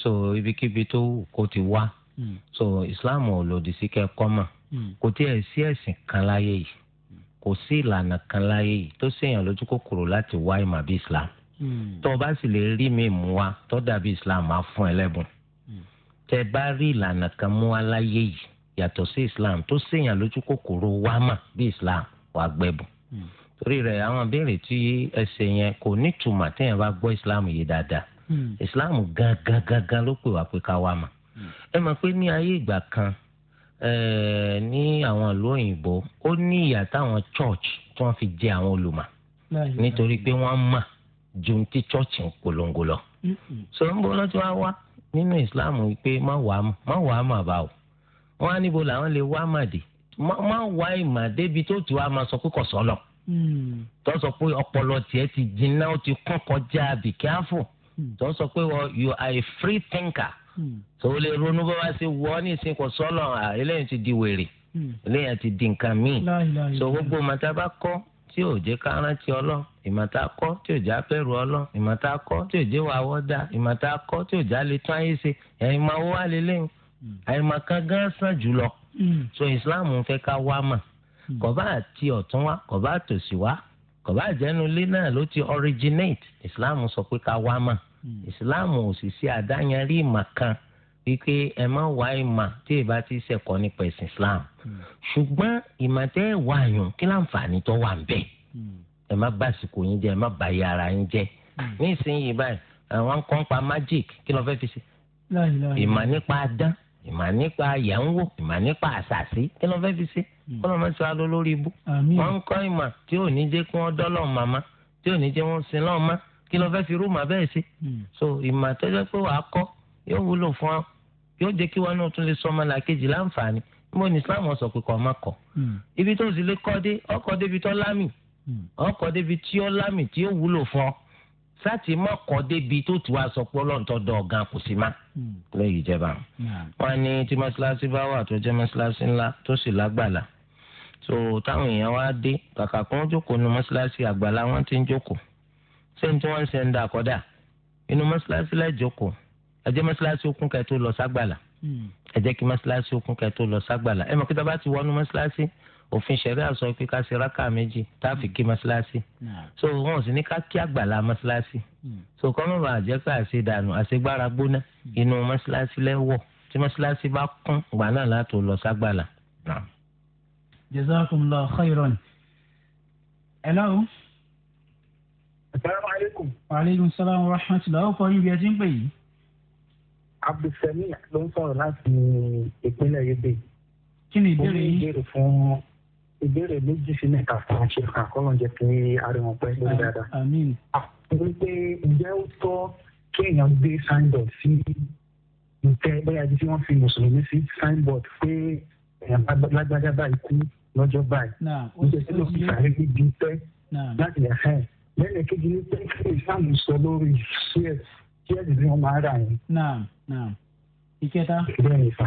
so ibikíbi tó kó ti wá hmm. so islam ò lòdì sí kẹ́kọ́ mọ́ Hmm. kò tiẹ̀ sí ẹ̀sìn kan láyé yìí hmm. kò sí ìlànà kan láyé yìí tó ṣèyàn lójú kòkòrò láti wá ìmọ̀ bí islam hmm. tó o bá sì lè rí mi mú wa tó dàbí islam máa fún ẹ tẹ bá rí ìlànà kan mú wa láyé yìí yàtọ̀ sí islam tó ṣèyàn lójú kòkòrò wá mà bí islam wà gbẹ̀bùn torí rẹ̀ àwọn béèrè tí ẹsẹ̀ yẹn kò nítumọ̀ téèyàn bá gbọ́ islam yìí dáadáa islam gangan gangan ló pè wá pé ká wá mà ẹ mọ̀ pé ní ayé ìgbà kan Eh, ní àwọn ìlú òyìnbó ó ní ìyà táwọn church tí wọ́n fi jẹ àwọn olùmọ̀ nítorí pé wọ́n mà ju ti church ń polongo lọ. sọ ń bọ́ lọ́jọ́ á wá nínú islam pé má wàá mà bá o wọ́n á níbo làwọn lè wá màdì má wá ìmà débi tó ti wá máa sọ pé kò sọ́nà mm. tó sọ pé ọpọlọ tiẹ̀ ti jinná ó ti kọ́ kọjá be careful mm. tó sọ pé you are a free thinker tó lè ronú bó bá ṣe wọ ní ìsìn kò sọlọ eléyìí ti di wèrè hmm. eléyìí ti di nǹkan míì so gbogbo màtá bá kọ tí ò jẹ́ ká rántí ọlọ́run ìmọ̀ta kọ́ tí ò jẹ́ abẹ́rù ọlọ́run ìmọ̀ta kọ́ tí ò jẹ́ wà wọ́dà ìmọ̀ta kọ́ tí ò jẹ́ alẹ́ tún ayé ṣe ẹ̀yin máa wá lélẹ́yìn ẹ̀yin hmm. máa kan gán sàn jùlọ. Hmm. so islam fẹ́ ká wá mà kò bá àti ọ̀tún wá kò bá wá kò àjẹnulé náà ló ti originate islam sọ pé ká wá mà. Hmm. islam ò sì ṣe àdáyanrí ìmà kan wípé ẹ má wá ìmà tí ì bá ti ṣẹ̀kọ́ nípa ẹ̀sìn islam hmm. ṣùgbọ́n ìmà tẹ́ ẹ̀ wá yùn kí láǹfààní tó wà ń bẹ̀ hmm. ẹ má bàṣìkò yín jẹ́ ẹ má bàyà ara yín jẹ́ ní ìsinyìí báyìí àwọn ń kọ́ńpa magic kí ló fẹ́ fi ṣe ìmà nípa adán ìmà nípa yẹ̀ǹwò ìmà nípa àṣàṣì kí ló fẹ́ fi ṣe kó ló máa ń sọ alólórí ibú wọ́n ń kọ́ ìmà tí ò ní jẹ́ kí wọ́n dọ́lọ́ màmá tí ò ní jẹ́ kí ló fẹ́ fi rúùmù abẹ́ ṣe hmm. so ìmọ̀ àtọ́jọ́ pé wàá kọ́ yóò wúlò fún ọ yóò jẹ́ kí wọn náà tún lè sọ ọmọ làkejì láǹfààní níbo ni Islam sọ pé kọ́ ọmọ hmm. kọ́ ibi tó sì lè kọ́ dé ọkọ̀ débi tó lámì ọkọ̀ hmm. débi tí ó lámì tí ó wúlò fún ọ sáti mọ́ kọ́ débi tó ti wá sọ pé ọlọ́ọ̀tọ́ dọ̀ ọ̀gá kò sí má lẹ́yìn ìjẹba wọn ní tí mọ́ṣáláṣí bá wà tó jẹ́ mọ́ṣáláṣí ńlá tó sì lágbàlá so táwọn èèyàn wá dé kàkà kó ń jókòó nu mọ́ṣáláṣí àgbàlá wọn ti ń jókòó ṣé ní tí wọ́n ń ṣe ń da àkọ́dà inú mọ́ṣáláṣí lẹ́jọ́kọ̀ ẹ jẹ́ mọ́ṣáláṣí ó kún kẹ́ tó lọ ságbàlá hmm. ẹ jẹ́ kí mọ́ṣáláṣí ó kún kẹ́ tó lọ ságbàlá ẹ mọ̀ kí tábà ti wọnú mọ́ṣáláṣí òfin ṣẹ̀rí àṣọ pé ká ṣe rákà méjì tá a fi kí mọ́ṣáláṣí hmm. so wọn ò sì ní ká kí àgbàlá mọ́ṣáláṣí hmm. so kọ́ mọ̀bà àjẹ́ pé àṣe dànù àṣegbára gbóná inú mọ́ṣáláṣí lẹ́wọ̀ tí mọ́ṣáláṣí bá kún gbà náà látò lọ ságbàlá. jazakumullahu khairan. hello aleykum. waaleykum salaam wa rahmatulah ọkọ yín bí ẹ ti ń pè yìí. abdulsani ló ń sọ̀rọ̀ láti ìpínlẹ̀ Yobe. kí ni ìbéèrè yín. ó ní ìbéèrè fún ìbéèrè méjì sí mẹ́ta fún ṣe kàn kọ́nà jẹ́ kí ariwo pẹ́ lórí dáadáa. àmín. wípé ah, ǹjẹ́ ó tọ́ kí èèyàn gbé signboard sí ǹtẹ́ bóyá ibi tí wọ́n fi mùsùlùmí sí signboard pé èèyàn lágbájá báyìí kú lọ́jọ́ báyìí. nítorí ló fi sàárè bíi bíi pẹ́ láti lè lẹ́nu kejì ní pé kí ìsáàmù sọ lórí shears shears ni wọ́n máa rà yẹn. naam naam ìkẹta. bẹ́ẹ̀ ni fa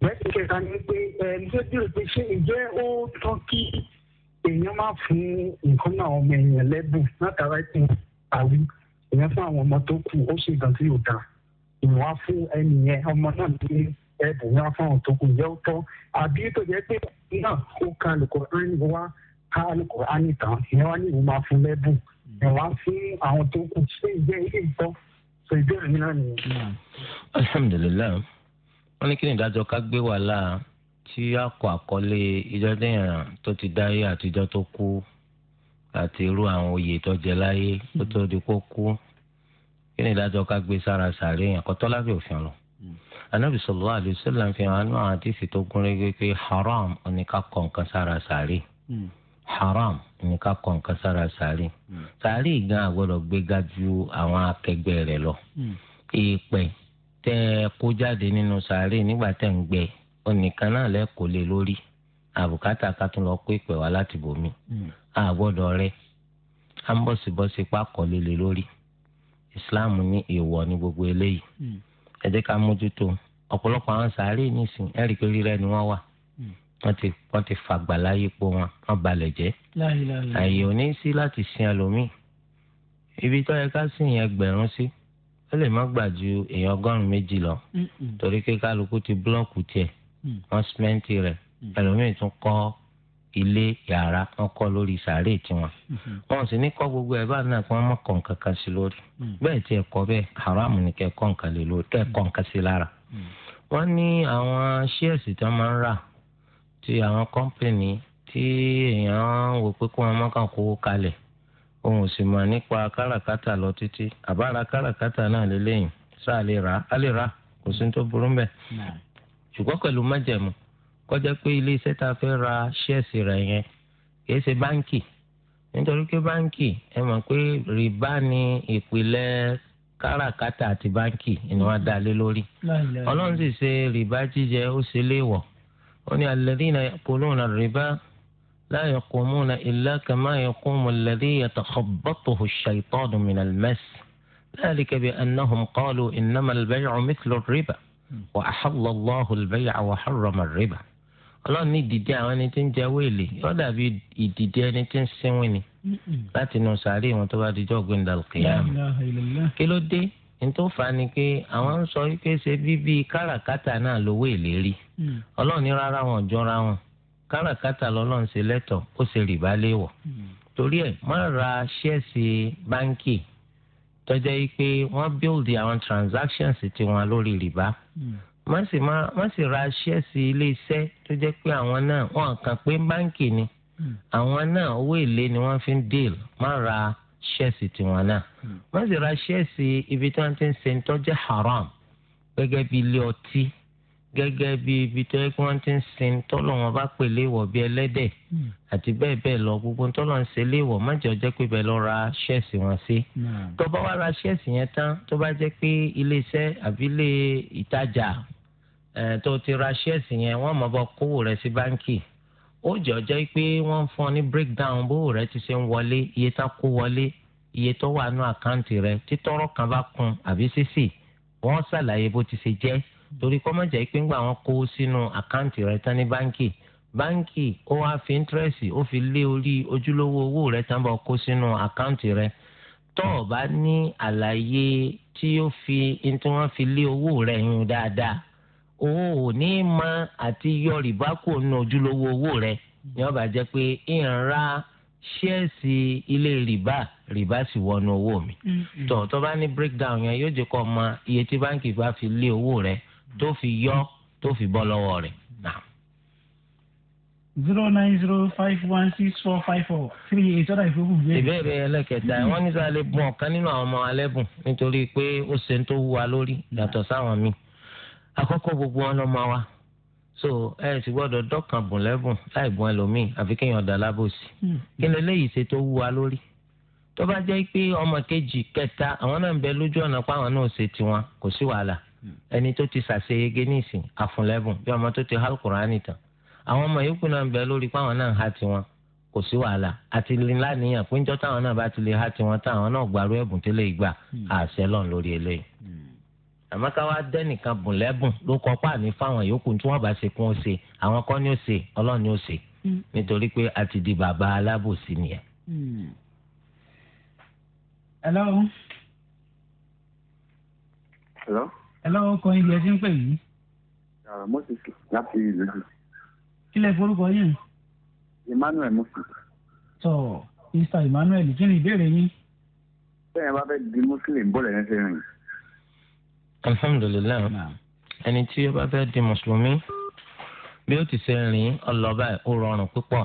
bẹ́ẹ̀ ni kẹta ni pé ẹ ǹjẹ́ bí o ti ṣe ǹjẹ́ ó tọ́ kí èèyàn máa fún nǹkan náà ọmọ èèyàn lẹ́bùn látara ẹ̀sìn àwí èèyàn fún àwọn ọmọ tó kù ó ṣe nǹkan tí yóò dáa ìwọ̀n á fún ẹnì yẹn ọmọ náà ní ẹ̀bùn yẹn á fún àwọn tó kù yẹ́ ó tọ́ àbí tó jẹ́ pé náà ó ka lùkọ́ ká alukurani tán ìyẹn wá ní ìwọ fún lẹ́bùn hmm. ìyẹn wá fún àwọn tó kù ṣé ìjẹ́ ilé ìtọ́ sọ ìbéèrè mi náà hmm. alhamdulilayi wọn ní kí ni ìdájọ́ ká gbé wàhálà tí a kọ àkọlé ìjọ déyàn tó ti dáyé àtijọ́ tó kú àti irú àwọn oyè tó jẹ láyé tó tó di kó kú kí ni ìdájọ́ ká gbé sára sàárè yẹn kọ́tọ́ lábẹ́ òfin lọ. anabi hmm. sallallahu alaihi wasallam fi hàn án náà àti ìfìtógún pé haram oníkàkọ nǹkan sára sàárè haram ní ká kọ nǹkan sára sàárì hmm. sàárì gan àgbọ́dọ̀ gbéga ju àwọn akẹgbẹ́ rẹ̀ lọ hmm. èèpẹ̀ tẹ kó jáde nínú sàárì nígbà tẹ ń gbẹ ọnìkan náà lẹ kò lè lórí àbùkátà ká tún lọ pé pẹ̀ wá láti bòmí àgbọ́dọ̀ hmm. rẹ̀ à ń bọ̀sibọ́sí pákọ̀ lélẹ̀ lórí islam ní èèwọ̀ ní gbogbo eléyìí ẹ jẹ́ ká mójútó ọ̀pọ̀lọpọ̀ àwọn sàárì nìsín ẹ̀rí pé rírẹ́ ni wọ́n wà wọ́n ti wọ́n ti fàgbà láyé po wọn wọ́n balẹ̀ jẹ́. àyè ò ní sí láti sin ẹlòmíì ibi tó yẹ ká sì yẹn ẹgbẹ̀rún sí ó lè má gbà ju èèyàn ọgọ́rùn-ún méjì lọ torí pé kálukú ti búlọ́ọ̀kù tiẹ̀ mm. wọ́n símẹ́ǹtì rẹ̀ mm. ẹlòmíì tún kọ́ ilé yàrá wọ́n kọ́ lórí sàárè tiwọn mm-hmm. wọ́n sì ní kọ́ gbogbo ẹ̀ báà náà kí wọ́n má kọ́ nǹkan kan sí lórí mm. bẹ́ẹ̀ tí ẹ kọ́ haram ni kẹ́ kọ́ nǹkan lè lórí kẹ́ kọ́ nǹkan sí lára wọ́n ní àwọn ṣíẹ̀sì tí wọ́n máa ń rà ti àwọn kọ́ńpìnì tí èèyàn wò pé kó wọn má kàn kówó kalẹ̀ òun ò sì mọ̀ nípa káràkátà lọ títí àbára káràkátà náà lélẹ́yìn sá a lè rà á lè rà kò sí tó burú mbẹ̀. ṣùgbọ́n pẹ̀lú májẹ̀mú kọjá pé ilé iṣẹ́ tá a fẹ́ ra ṣẹ́ẹ̀sì rẹ̀ yẹn kìí ṣe báńkì nítorí pé báńkì ẹ mọ̀ pé rìbá ni ìpìlẹ̀ káràkátà àti báńkì ni wọ́n dá lé lórí ọlọ́run sì ṣe rìbá jíjẹ ó ṣe léèwọ̀ وني الذين يأكلون الربا لا يقومون إلا كما يقوم الذي يتخبطه الشيطان من المس ذلك بأنهم قالوا إنما البيع مثل الربا وأحل الله البيع وحرم الربا الله ندي ìdìde àwọn ولا بيدي ń تنسويني لا تنسى عليهم ìdìde ẹni tí ń sinwin ni láti nù sàárè nítorí fa ni pé àwọn ń sọ wípé ṣe bíbí káràkátà náà lówó ìlérí hmm. ọlọ́run ní rárá wọn jọra wọn káràkátà lọ́lọ́run ṣe lẹ́tọ̀ ó ṣe rìbá léwọ̀ hmm. torí ẹ̀ má ra ṣẹ́ẹ̀sì báńkì tọ́jà yìí pé wọ́n bíòdì àwọn transactions tiwọn lórí rìbá hmm. má sì má sì ra ṣẹ́ẹ̀sì ilé iṣẹ́ tó jẹ́ pé àwọn náà wọ́n kàn pé báńkì ni àwọn náà owó èlé ni wọ́n fi ń deal má ra ṣẹ́ẹ̀sì tiwọn náà hmm. wọ́n sì ra ṣẹ́ẹ̀sì ibi tí wọ́n ti ń ṣe ń tọ́jú haram gẹ́gẹ́ bí ilé ọtí gẹ́gẹ́ bí ibi tó yẹ kí wọ́n ti ń sin tọ́lọ̀ wọn bá pè léèwọ̀ bí ẹlẹ́dẹ̀ hmm. àti bẹ́ẹ̀ bẹ́ẹ̀ lọ gbogbo tọ́lọ̀ ń ṣe léèwọ̀ má jẹ́ ọjọ́ pé bẹ́ẹ̀ lọ ra ṣẹ́ẹ̀sì wọn sí. Hmm. tó bá wá ra ṣẹ́ẹ̀sì yẹn tán tó bá jẹ́ pé iléeṣẹ́ àbí ilé ìtajà tó ti ra ṣẹ́ẹ̀sì yẹn wọ́n mọ̀ bọ́ kówó rẹ̀ sí báńkì ó jẹ́ ọjọ́ pé wọ́n ń fún ọ ní breakdown bó rẹ ti ṣe ń wọlé iye tá kó wọlé iye tó wà nú àkáǹtì rẹ títọrọ kan bá kún àbí sísì wọ́n ṣàlàyé bó ti ṣe jẹ́ torí kọ́ mọ̀jẹ̀ pé ńgbà wọ́n kó sínú àkáǹtì rẹ tán ní báńkì báńkì ó wá fi íńtírẹ́sì ó fi lé orí ojúlówó owó rẹ tán bá kó sínú àkáǹtì rẹ tó o bá ní àlàyé tí ó fi tí wọ́n fi lé owó rẹ yún dáadáa òun ò ní mọ àti yọ rìbá kò nu ojúlówó owó rẹ̀ ni ọba jẹ́ pé ìhànra ṣẹ́ẹ̀sì ilé rìbá rìbá sì wọnú owó mi mm-hmm. tó tó bá ní breakdown yẹn yóò jẹ́ kó mọ iye tí báńkì bá fi lé owó rẹ̀ tó fi yọ tó fi bọ́ lọ́wọ́ rẹ̀ zero nine zero five one six four five four three eight ọ̀dà ìfowópamọ́ ìbéèrè. ìbéèrè ẹlẹ́kẹta mm-hmm. wọ́n ní sáà lè bùn ọ̀kan nínú àwọn ọmọ alẹ́bùn nítorí pé ó ṣe ń tó wúwa lórí yàtọ̀ sáwọn míì. akụkọ gbogbo wọn so ẹ sì gbọdọ dọ́kan bùn lẹ́bùn láì bùn ẹlòmíì àfi kéèyàn dà lábòsí hmm. kí ni eléyìí ṣe tó wú wa lórí tó bá jẹ́ pé ọmọ kejì kẹta àwọn náà ń bẹ lójú ọ̀nà pé náà ṣe tiwọn kò sí wàhálà ẹni tó ti ṣàṣeyege nísìn àfúnlẹ́bùn bí ọmọ tó ti ọmọ yòókù náà ń bẹ lórí náà ha tiwọn kò sí wàhálà àti láníyàn táwọn náà bá ti ha tiwọn táwọn náà ẹ̀bùn tẹ́lẹ̀ ìgbà hmm. àṣẹ àmọ́ ká wá dẹ́nìkan bùn lẹ́bùn ló kọ́ pàmì fáwọn yòókù tí wọ́n bá ṣe kún ó ṣe àwọn kan ni ó ṣe ọlọ́run ni ó ṣe hmm. nítorí pé a ti di bàbá alábòsí nìyẹn. Hmm. hello. hello. hello ọkọ ibi ẹ ti ń pè yìí. moses láti ìlú. kí lẹ forúkọ yín. emmanuel moses. tọ mr emmanuel kí ni ìbéèrè yín. bẹ́ẹ̀ bá fẹ́ di muslim bọ́ọ̀lù ẹ̀ alhamdulilayi ẹni tí ó bá fẹ́ di mùsùlùmí bí ó ti ṣe rìn ọlọ́ba ó rọrùn púpọ̀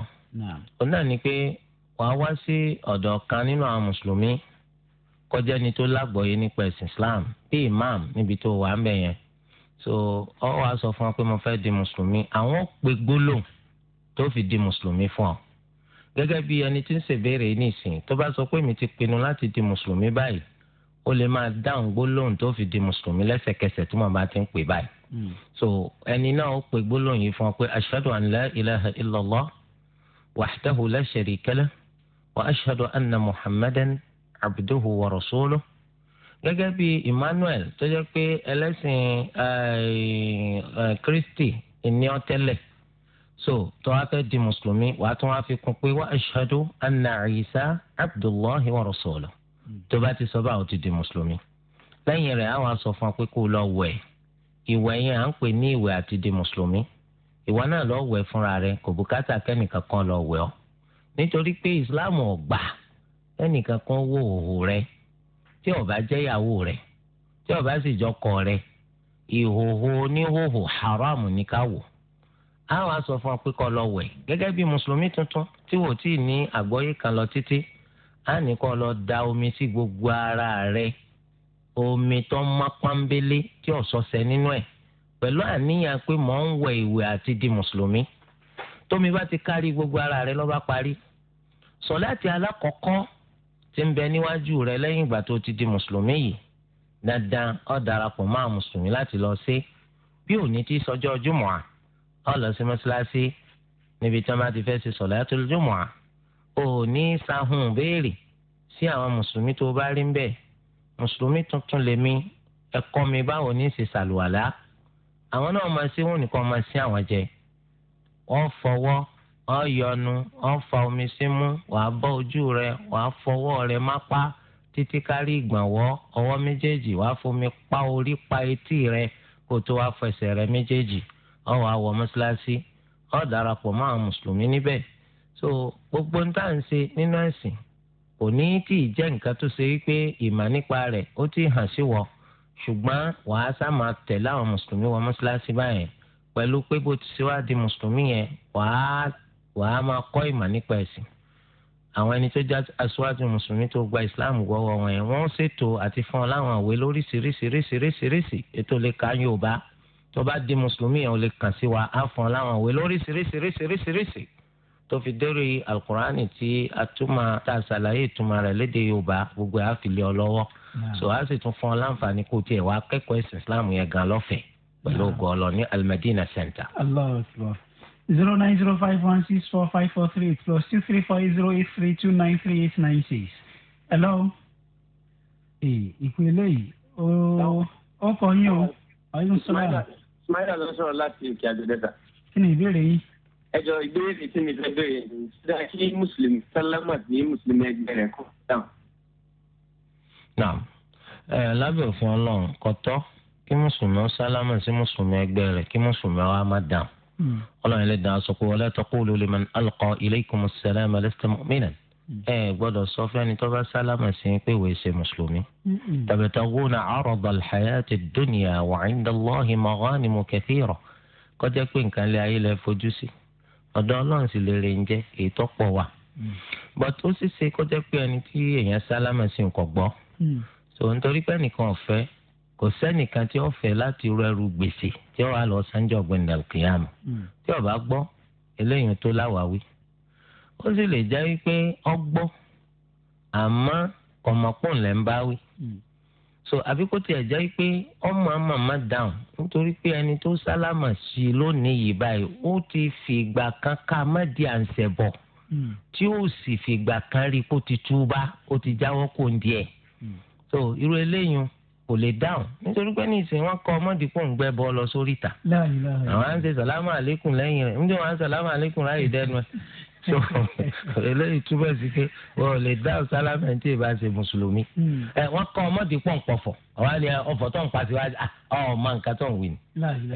o náà ni pé wàá wá sí ọ̀dọ̀ kan nínú àwọn mùsùlùmí kọjá ni tó lágbọ̀ọ́yé nípa ẹ̀sìn islam bí imam níbi tó wà ń bẹ̀ yẹn so ọ wá sọ fún ọ pé mo fẹ́ di mùsùlùmí àwọn pè gbólóhùn tó fi di mùsùlùmí fún ọ gẹ́gẹ́ bí ẹni tí ń ṣèbéèrè nísìnyí tó bá sọ pé mi ti pinnu láti di mùsùlùmí báyìí ó lè máa dáhùn gbólóhùn tó fi di mùsùlùmí lẹ́sẹ̀kẹsẹ̀ tí màmá ti ń pè báyìí. Hmm. so ẹni náà ó pe gbólóhùn yìí fún ọ pé ashhadu an la ilaha illallah wahdahu la sharika lah wa ashhadu anna muhammadan abduhu wa rasuluh gẹ́gẹ́ bí emmanuel tó jẹ́ pé ẹlẹ́sìn eh, eh, kristi ní ọ tẹ́lẹ̀ so tó wá fẹ́ di mùsùlùmí wàá tún wá fi kún pé wa ashhadu anna isa abdullahi wa rasuluh tó bá ti sọ bá àwọn ti di mùsùlùmí lẹ́yìn rẹ̀ àwọn sọ fún ọ pé kó lọ wẹ̀ ìwẹ̀ yẹn à ń pè ní ìwẹ̀ àti di mùsùlùmí ìwọ náà lọ wẹ̀ fúnra rẹ̀ kò bùkátà kẹ́nìkan kan lọ wẹ̀ ọ́ nítorí pé islam ò gbà wò òhò rẹ̀ tí ó bá ìyàwó rẹ̀ tí ó bá sì jọkọ rẹ̀ ìhòhò oníhòhò haram ní ká wò àwọn sọ fún ọ pé kó lọ wẹ̀ gẹ́gẹ́ bí mùsùlùmí tuntun tí wò tí ì ní àgbọ́yé kan lọ títí á ní kó lọ da omi sí gbogbo ara rẹ omi tó má pọ́nbélé tí ọ̀sọ̀sẹ̀ nínú ẹ̀ pẹ̀lú àníyàn pé mò ń wẹ̀ ìwẹ̀ àti di mùsùlùmí tómi bá ti kárí gbogbo ara rẹ ló bá parí sọ̀láàtì alákọ̀ọ́kọ́ ti ń bẹ níwájú rẹ lẹ́yìn ìgbà tó ti di mùsùlùmí yìí dandan ó darapọ̀ máa mùsùlùmí láti lọ sí bí òní ti sọjọ́ jùmọ̀ à lọ sí mọ́ṣáláṣí níbi tí wọ́n bá ti fẹ́ ṣe sọ̀láàtì jùmọ̀ à ò ní sahun béèrè sí àwọn mùsùlùmí tó bá rí ń bẹ̀ mùsùlùmí tuntun lèmi ẹ̀kọ́ mi báwo ní ṣe ṣàlùwàlá àwọn náà máa ṣe wọn nìkan máa ṣe àwọn jẹ wọ́n fọwọ́ wọ́n yọnu wọ́n fa omi símú wàá bọ́ ojú rẹ wàá fọwọ́ rẹ má pa títí kárí ìgbọ̀nwọ́ ọwọ́ méjèèjì wàá fomi pa orí pa etí rẹ kó tó wàá fẹsẹ̀ rẹ méjèèjì ọ wàá wọ mọ́ṣáláṣí ọ darapọ̀ mọ́ àwọn mùsùlùmí níbẹ̀ so gbogbo ń tà ń ṣe nínú ẹ̀sìn kò ní tí ì jẹ́ nǹkan tó ṣe wípé ìmọ̀ nípa rẹ̀ ó ti hàn sí wọ ṣùgbọ́n wàá sá máa tẹ̀lé àwọn mùsùlùmí wọ mọ́ṣáláṣí báyẹn pẹ̀lú pé bó ti ṣe wá mùsùlùmí yẹn wàá wàá máa kọ́ ìmọ̀ nípa ẹ̀sìn àwọn ẹni tó já aṣáájú mùsùlùmí tó gba islam gbọ́wọ́ wọn yẹn wọ́n ṣètò àti fún ọ láwọn àwé lóríṣiríṣiríṣiríṣi ètò lè ka yorùbá tó bá di mùsùlùmí yẹn ò lè kàn sí wa á fún ọ láwọn àwé lóríṣiríṣiríṣiríṣiríṣi tó fi dórí alukur'ani tí atúmọ̀ tá a ṣàlàyé ìtumọ̀ rẹ̀ léde yorùbá gbogbo ẹ̀ á fi lé ọ lọ́wọ́ so a sì tún fún ọ láǹfààní kó tiẹ̀ wá kẹ́kọ̀ọ́ ẹ̀sìn islam yẹn gan lọ́fẹ̀ẹ́ pẹ̀lú ògo ọlọ ní almadina center. Allahu Akbar zero nine zero five one six four five four three eight plus two three four eight zero eight three two nine three eight nine six. hello. ìpínlẹ̀ yìí ó kọ yín o. Ismaila ló sọ̀rọ̀ láti ìkí àjọ̀dẹ́ta. kí ni ìbéèrè yìí. ẹjọ́ ìbéèrè tí mi fẹ́ béèrè ṣíṣá kí mùsùlùmí sálámà ní mùsùlùmí ẹgbẹ́ rẹ̀ kọ́ dáhùn. naam ẹ lábẹ́ òfin ọlọ́run kọ́tọ́ kí mùsùlùmí ó sálámà sí mùsùlùmí ẹgbẹ́ rẹ̀ kí mùsùlùmí wa má dáhùn. ọlọ́run ilé dáhùn sọ pé wala taqulu liman alqa ilaykum as-salama lasta mu'minan ẹ gbọ́dọ̀ sọ fẹ́ni tó bá sálámà sí pé wòye ṣe mùsùlùmí. tabtaguna arada al-hayati ad-dunya wa 'inda Allahi maghanimu kathira kọjá pé nǹkan lé ayé lẹ fojú sí. ọ̀dọ̀ ọlọ́run sì lè rè ń jẹ́ èyí tó pọ̀ wà. Hmm. but ó sì ṣe kọjá pé ẹni tí èèyàn sálámà sí nǹkan gbọ́. Hmm. so nítorí pé ẹnìkan ọ̀fẹ́ kò sẹ́nìkan tí ó fẹ́ láti rọ ẹrù gbèsè tí ó wà lọ sanjọ́ gbẹ̀ndà kìyàmù hmm. tí ó bá gbọ́ eléyìí tó láwàwí. ó sì lè jẹ́ wípé ọgbọ́ àmọ́ ọmọkùnrin lẹ́ ń báwí so àbí kó tiẹ̀ jẹ́ pé ọmọ àmà má dáhùn nítorí pé ẹni tó sálámà sí lónìí yìí báyìí ó ti fìgbà kan ká má di àǹsẹ̀ bọ̀ hmm. tí ó sì fìgbà kan rí kó ti túbá ó ti jáwọ́ kó ń díẹ̀ hmm. so irú eléyìí kò lè dáhùn nítorí pé ní ìsìn wọn kọ ọmọdé kò ń gbẹ bọ lọ sórí ìta àwọn à ń ṣe sàlámù àlékún lẹ́yìn rẹ̀ níjọ wọn à ń sàlámù àlékún ráyè dẹnu ẹ so (laughs) eléyìí túbọ̀ sí pé wọn ò lè dá sálámà tí ì bá ṣe mùsùlùmí hmm. ẹ wọn kọ ọmọdé pọ̀ ń pọ̀fọ̀ ọ̀wá ni ọ̀fọ̀ tó ń pa sí wájú ọ̀ máa nǹkan tó ń wí ni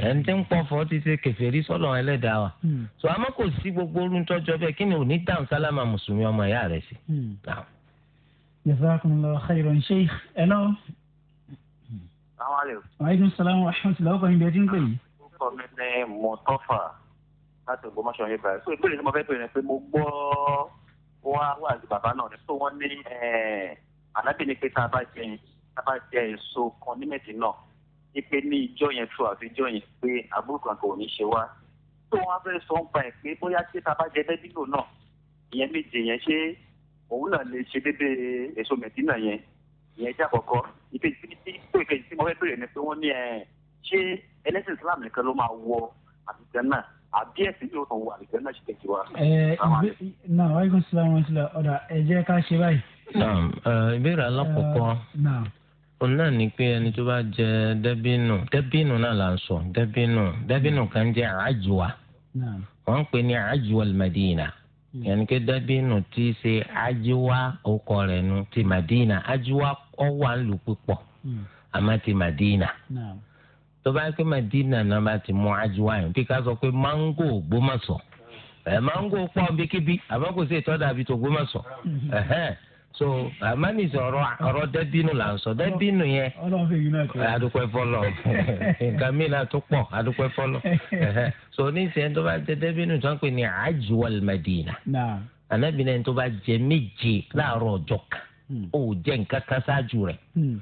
ẹ̀ ń tẹ́ ń pọ̀fọ̀ ti ṣe kèfèrí sọ́lọ̀ ẹlẹ́dàá wa hmm. so àmọ́ kò sí gbogbo orun tọ́jọ́ bẹ́ẹ̀ kí ni ò ní dáhùn sálámà mùsùlùmí ọmọ ìyá rẹ̀ sí. Hmm. jazakumullahu khairan sheikh hello. salaamaleykum. wa aleykum salaam wa rahmatulah ọkọ mi bẹ láti Ògbómọ̀ṣọ́ yẹn báyìí so ìpele tí mo fẹ́ pè é pé mo gbọ́ wá wà sí bàbá náà ni so wọ́n ní eh, àlábì ni pé tá a bá jẹ tá a bá jẹ èso kan ní Mẹ̀dínà ni pé ní ìjọ yẹn tó àfi ìjọ yẹn pé àbúrò kan kò ní ṣe wá tó wọn fẹ́ sọ ń pa ẹ̀ pé bóyá ṣé tá a bá jẹ dẹ́bìlò náà ìyẹn méje yẹn ṣé òun náà lè ṣe déédéé èso Mẹ̀dínà yẹn ìyẹn jẹ́ àkọ́kọ́ ìkejì tí tó ìkejì tí mo fẹ́ bèrè ni pé wọ́n ní ẹ̀ eh, ṣé ẹlẹ́sìn Islam nìkan ló máa wọ àtijọ́ náà a díẹ̀ sí yóò tán wọ àlùjẹ náà ṣe tẹ̀sí wa. náà wáyé kò sílá wọn sílá ọ̀dà ẹ jẹ́ ká ṣe báyìí. ìbéèrè alákọ̀ọ́kọ́ òun náà ni pé ẹni tó bá jẹ dẹ́bínù dẹ́bínù náà là ń sọ dẹ́bínù dẹ́bínù kan jẹ́ àjùwà wọ́n ń pè ní àjùwà Madina hmm. yẹn ke dábìnù tí í ṣe ajiwa ọkọ rẹ nu ti madina ajiwa ọwà ń lu púpọ̀ hmm. àmọ́ ti madina tó bá pé Madina náà bá ti mú ajiwáyìn bí ká sọ pé mango Ògbómọ̀ṣọ́ ẹ mango pọ̀ bíkíbi àmọ́ kò sí ìtọ́jú àbí tó Ògbómọ̀ṣọ́ mhm. so àmánìsì ọ̀rọ̀ ọ̀rọ̀ dẹ́bínú là ń sọ dẹ́bínú yẹn adúpẹ́ fọlọ́ (laughs) nǹkan mìíràn tó pọ̀ adúpẹ́ fọlọ́ so oníṣẹ́ tó bá jẹ dẹ́bínú tó ń pè ní ajiwal Madina ànábìnrin tó bá jẹ méje láàárọ̀ ọjọ́ kan hmm. ó jẹ nǹkan kan ṣáájú rẹ̀. Hmm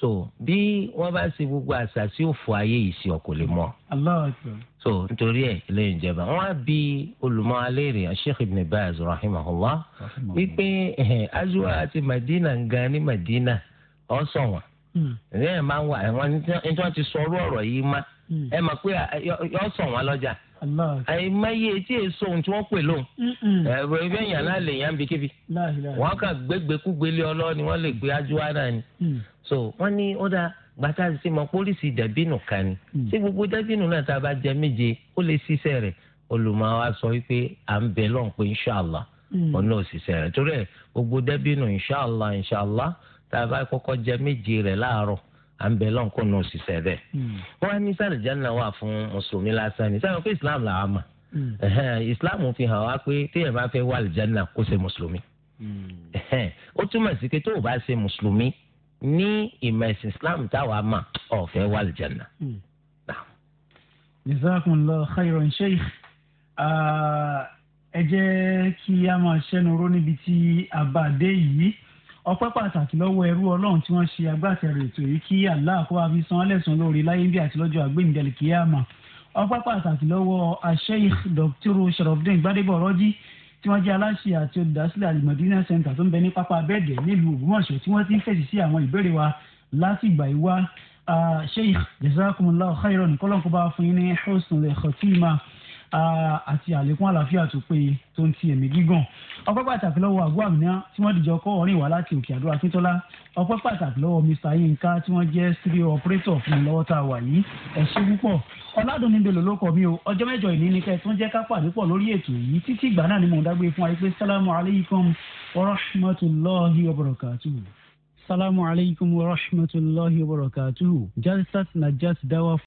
so bí wọ́n bá se gbogbo àṣà sí òfò ayé yìí sí ọkọ lè mọ̀. so nítorí ẹ lẹ́yìn ìjọba wọn á bi olùmọ̀ aléèrè Sheikh Ibn Baz rahimahullah wípé azura àti madina gan ní madina ọsàn wọn ẹ máa ń wà ẹ wọn ní tí wọn ti sọ ọ̀rọ̀ yìí má hmm. ẹ mọ̀ pé yọ sọ wọn àìmáyé tí èso ohun tí wọ́n pè lóhùn ẹ̀rọ ibẹ̀ yàn lálẹ́ yàn bíkíbi wọ́n kà gbégbékúgbélé ọlọ́ọ̀ni wọ́n lè gbé ajúwá náà ni mm. so wọ́n ní ó dáa gbàtà sí mọ pólísì dàbínù kan ni mm. ṣé gbogbo dàbínù náà tá a bá jẹ méje ó lè ṣiṣẹ́ rẹ̀ olùmọwà sọ wípé à ń bẹ lọ́n pé inṣàlá mm. òun náà ṣiṣẹ́ rẹ̀ torí ẹ gbogbo dàbínù inṣàlá inṣàlá tá a bá kọ́kọ́ jẹ méje rẹ̀ láàárọ̀ à ń bẹ lọ́nkọ́ náà ṣiṣẹ́ bẹ́ẹ̀. Hmm. wọ́n á ní sàlìjánà wà fún mùsùlùmí lásán ni sábà pé islam là á mà hmm. islam fi hàn wá pé téèyàn bá fẹ́ wà lìjánà kó ṣe mùsùlùmí. Hmm. ó túmọ̀ sí pé tó o bá ṣe mùsùlùmí ní ìmọ̀ ẹ̀sìn islam táwa mà ọ̀ fẹ́ wà lìjánà. jazakumullahu khairan sheikh ah, ẹ jẹ́ kí a máa ṣẹ́nu ró níbi tí a bá dé yìí ọpẹ́ pàtàkì lọ́wọ́ ẹrú ọlọ́run tí wọ́n ṣe agbátẹrù ètò yìí kí Allah kó àfi san ẹlẹ́sùn lórí láyé bí àti lọ́jọ́ àgbéǹdẹ̀lì kíyàmà ọpẹ́ pàtàkì lọ́wọ́ Sheikh Dr. Sharafdin Gbadebo Ọ̀rọ̀jì tí wọ́n jẹ́ aláṣẹ àti olùdásílẹ̀ Al-Madina Center tó ń bẹ ní pápá bẹ́ẹ̀dẹ̀ nílùú Ògbómọ̀ṣọ́ tí wọ́n ti ń fèsì sí àwọn ìbéèrè wa látìgbà ìwá Sheikh jazakumullahu khairan kọ́lọ́nkọ́ba fún yín ní husnul khatima àti àlékún àlàáfíà tó péye tó ń ti ẹ̀mí gígùn ọpẹ́ pàtàkì lọ́wọ́ àbú àmìnà tí wọ́n dìjọ kọ́ orin wá láti òkè àdó akíntola ọpẹ́ pàtàkì lọ́wọ́ mr yinka tí wọ́n jẹ́ studio operator fún lọ́wọ́ tá a wà yìí ẹ ṣé púpọ̀ ọ̀làdùn níbi lòlókọ̀ mi o ọjọ́ mẹ́jọ ìní ni kẹ́ẹ̀ tó ń jẹ́ ká pàdé pọ̀ lórí ètò yìí títí ìgbà náà ni mò ń dágbére fún wa pé sálámù aleykum wa rahmatulahi wa barakatuhu. sálámù aleykum wa rahmatulahi wa barakatuhu.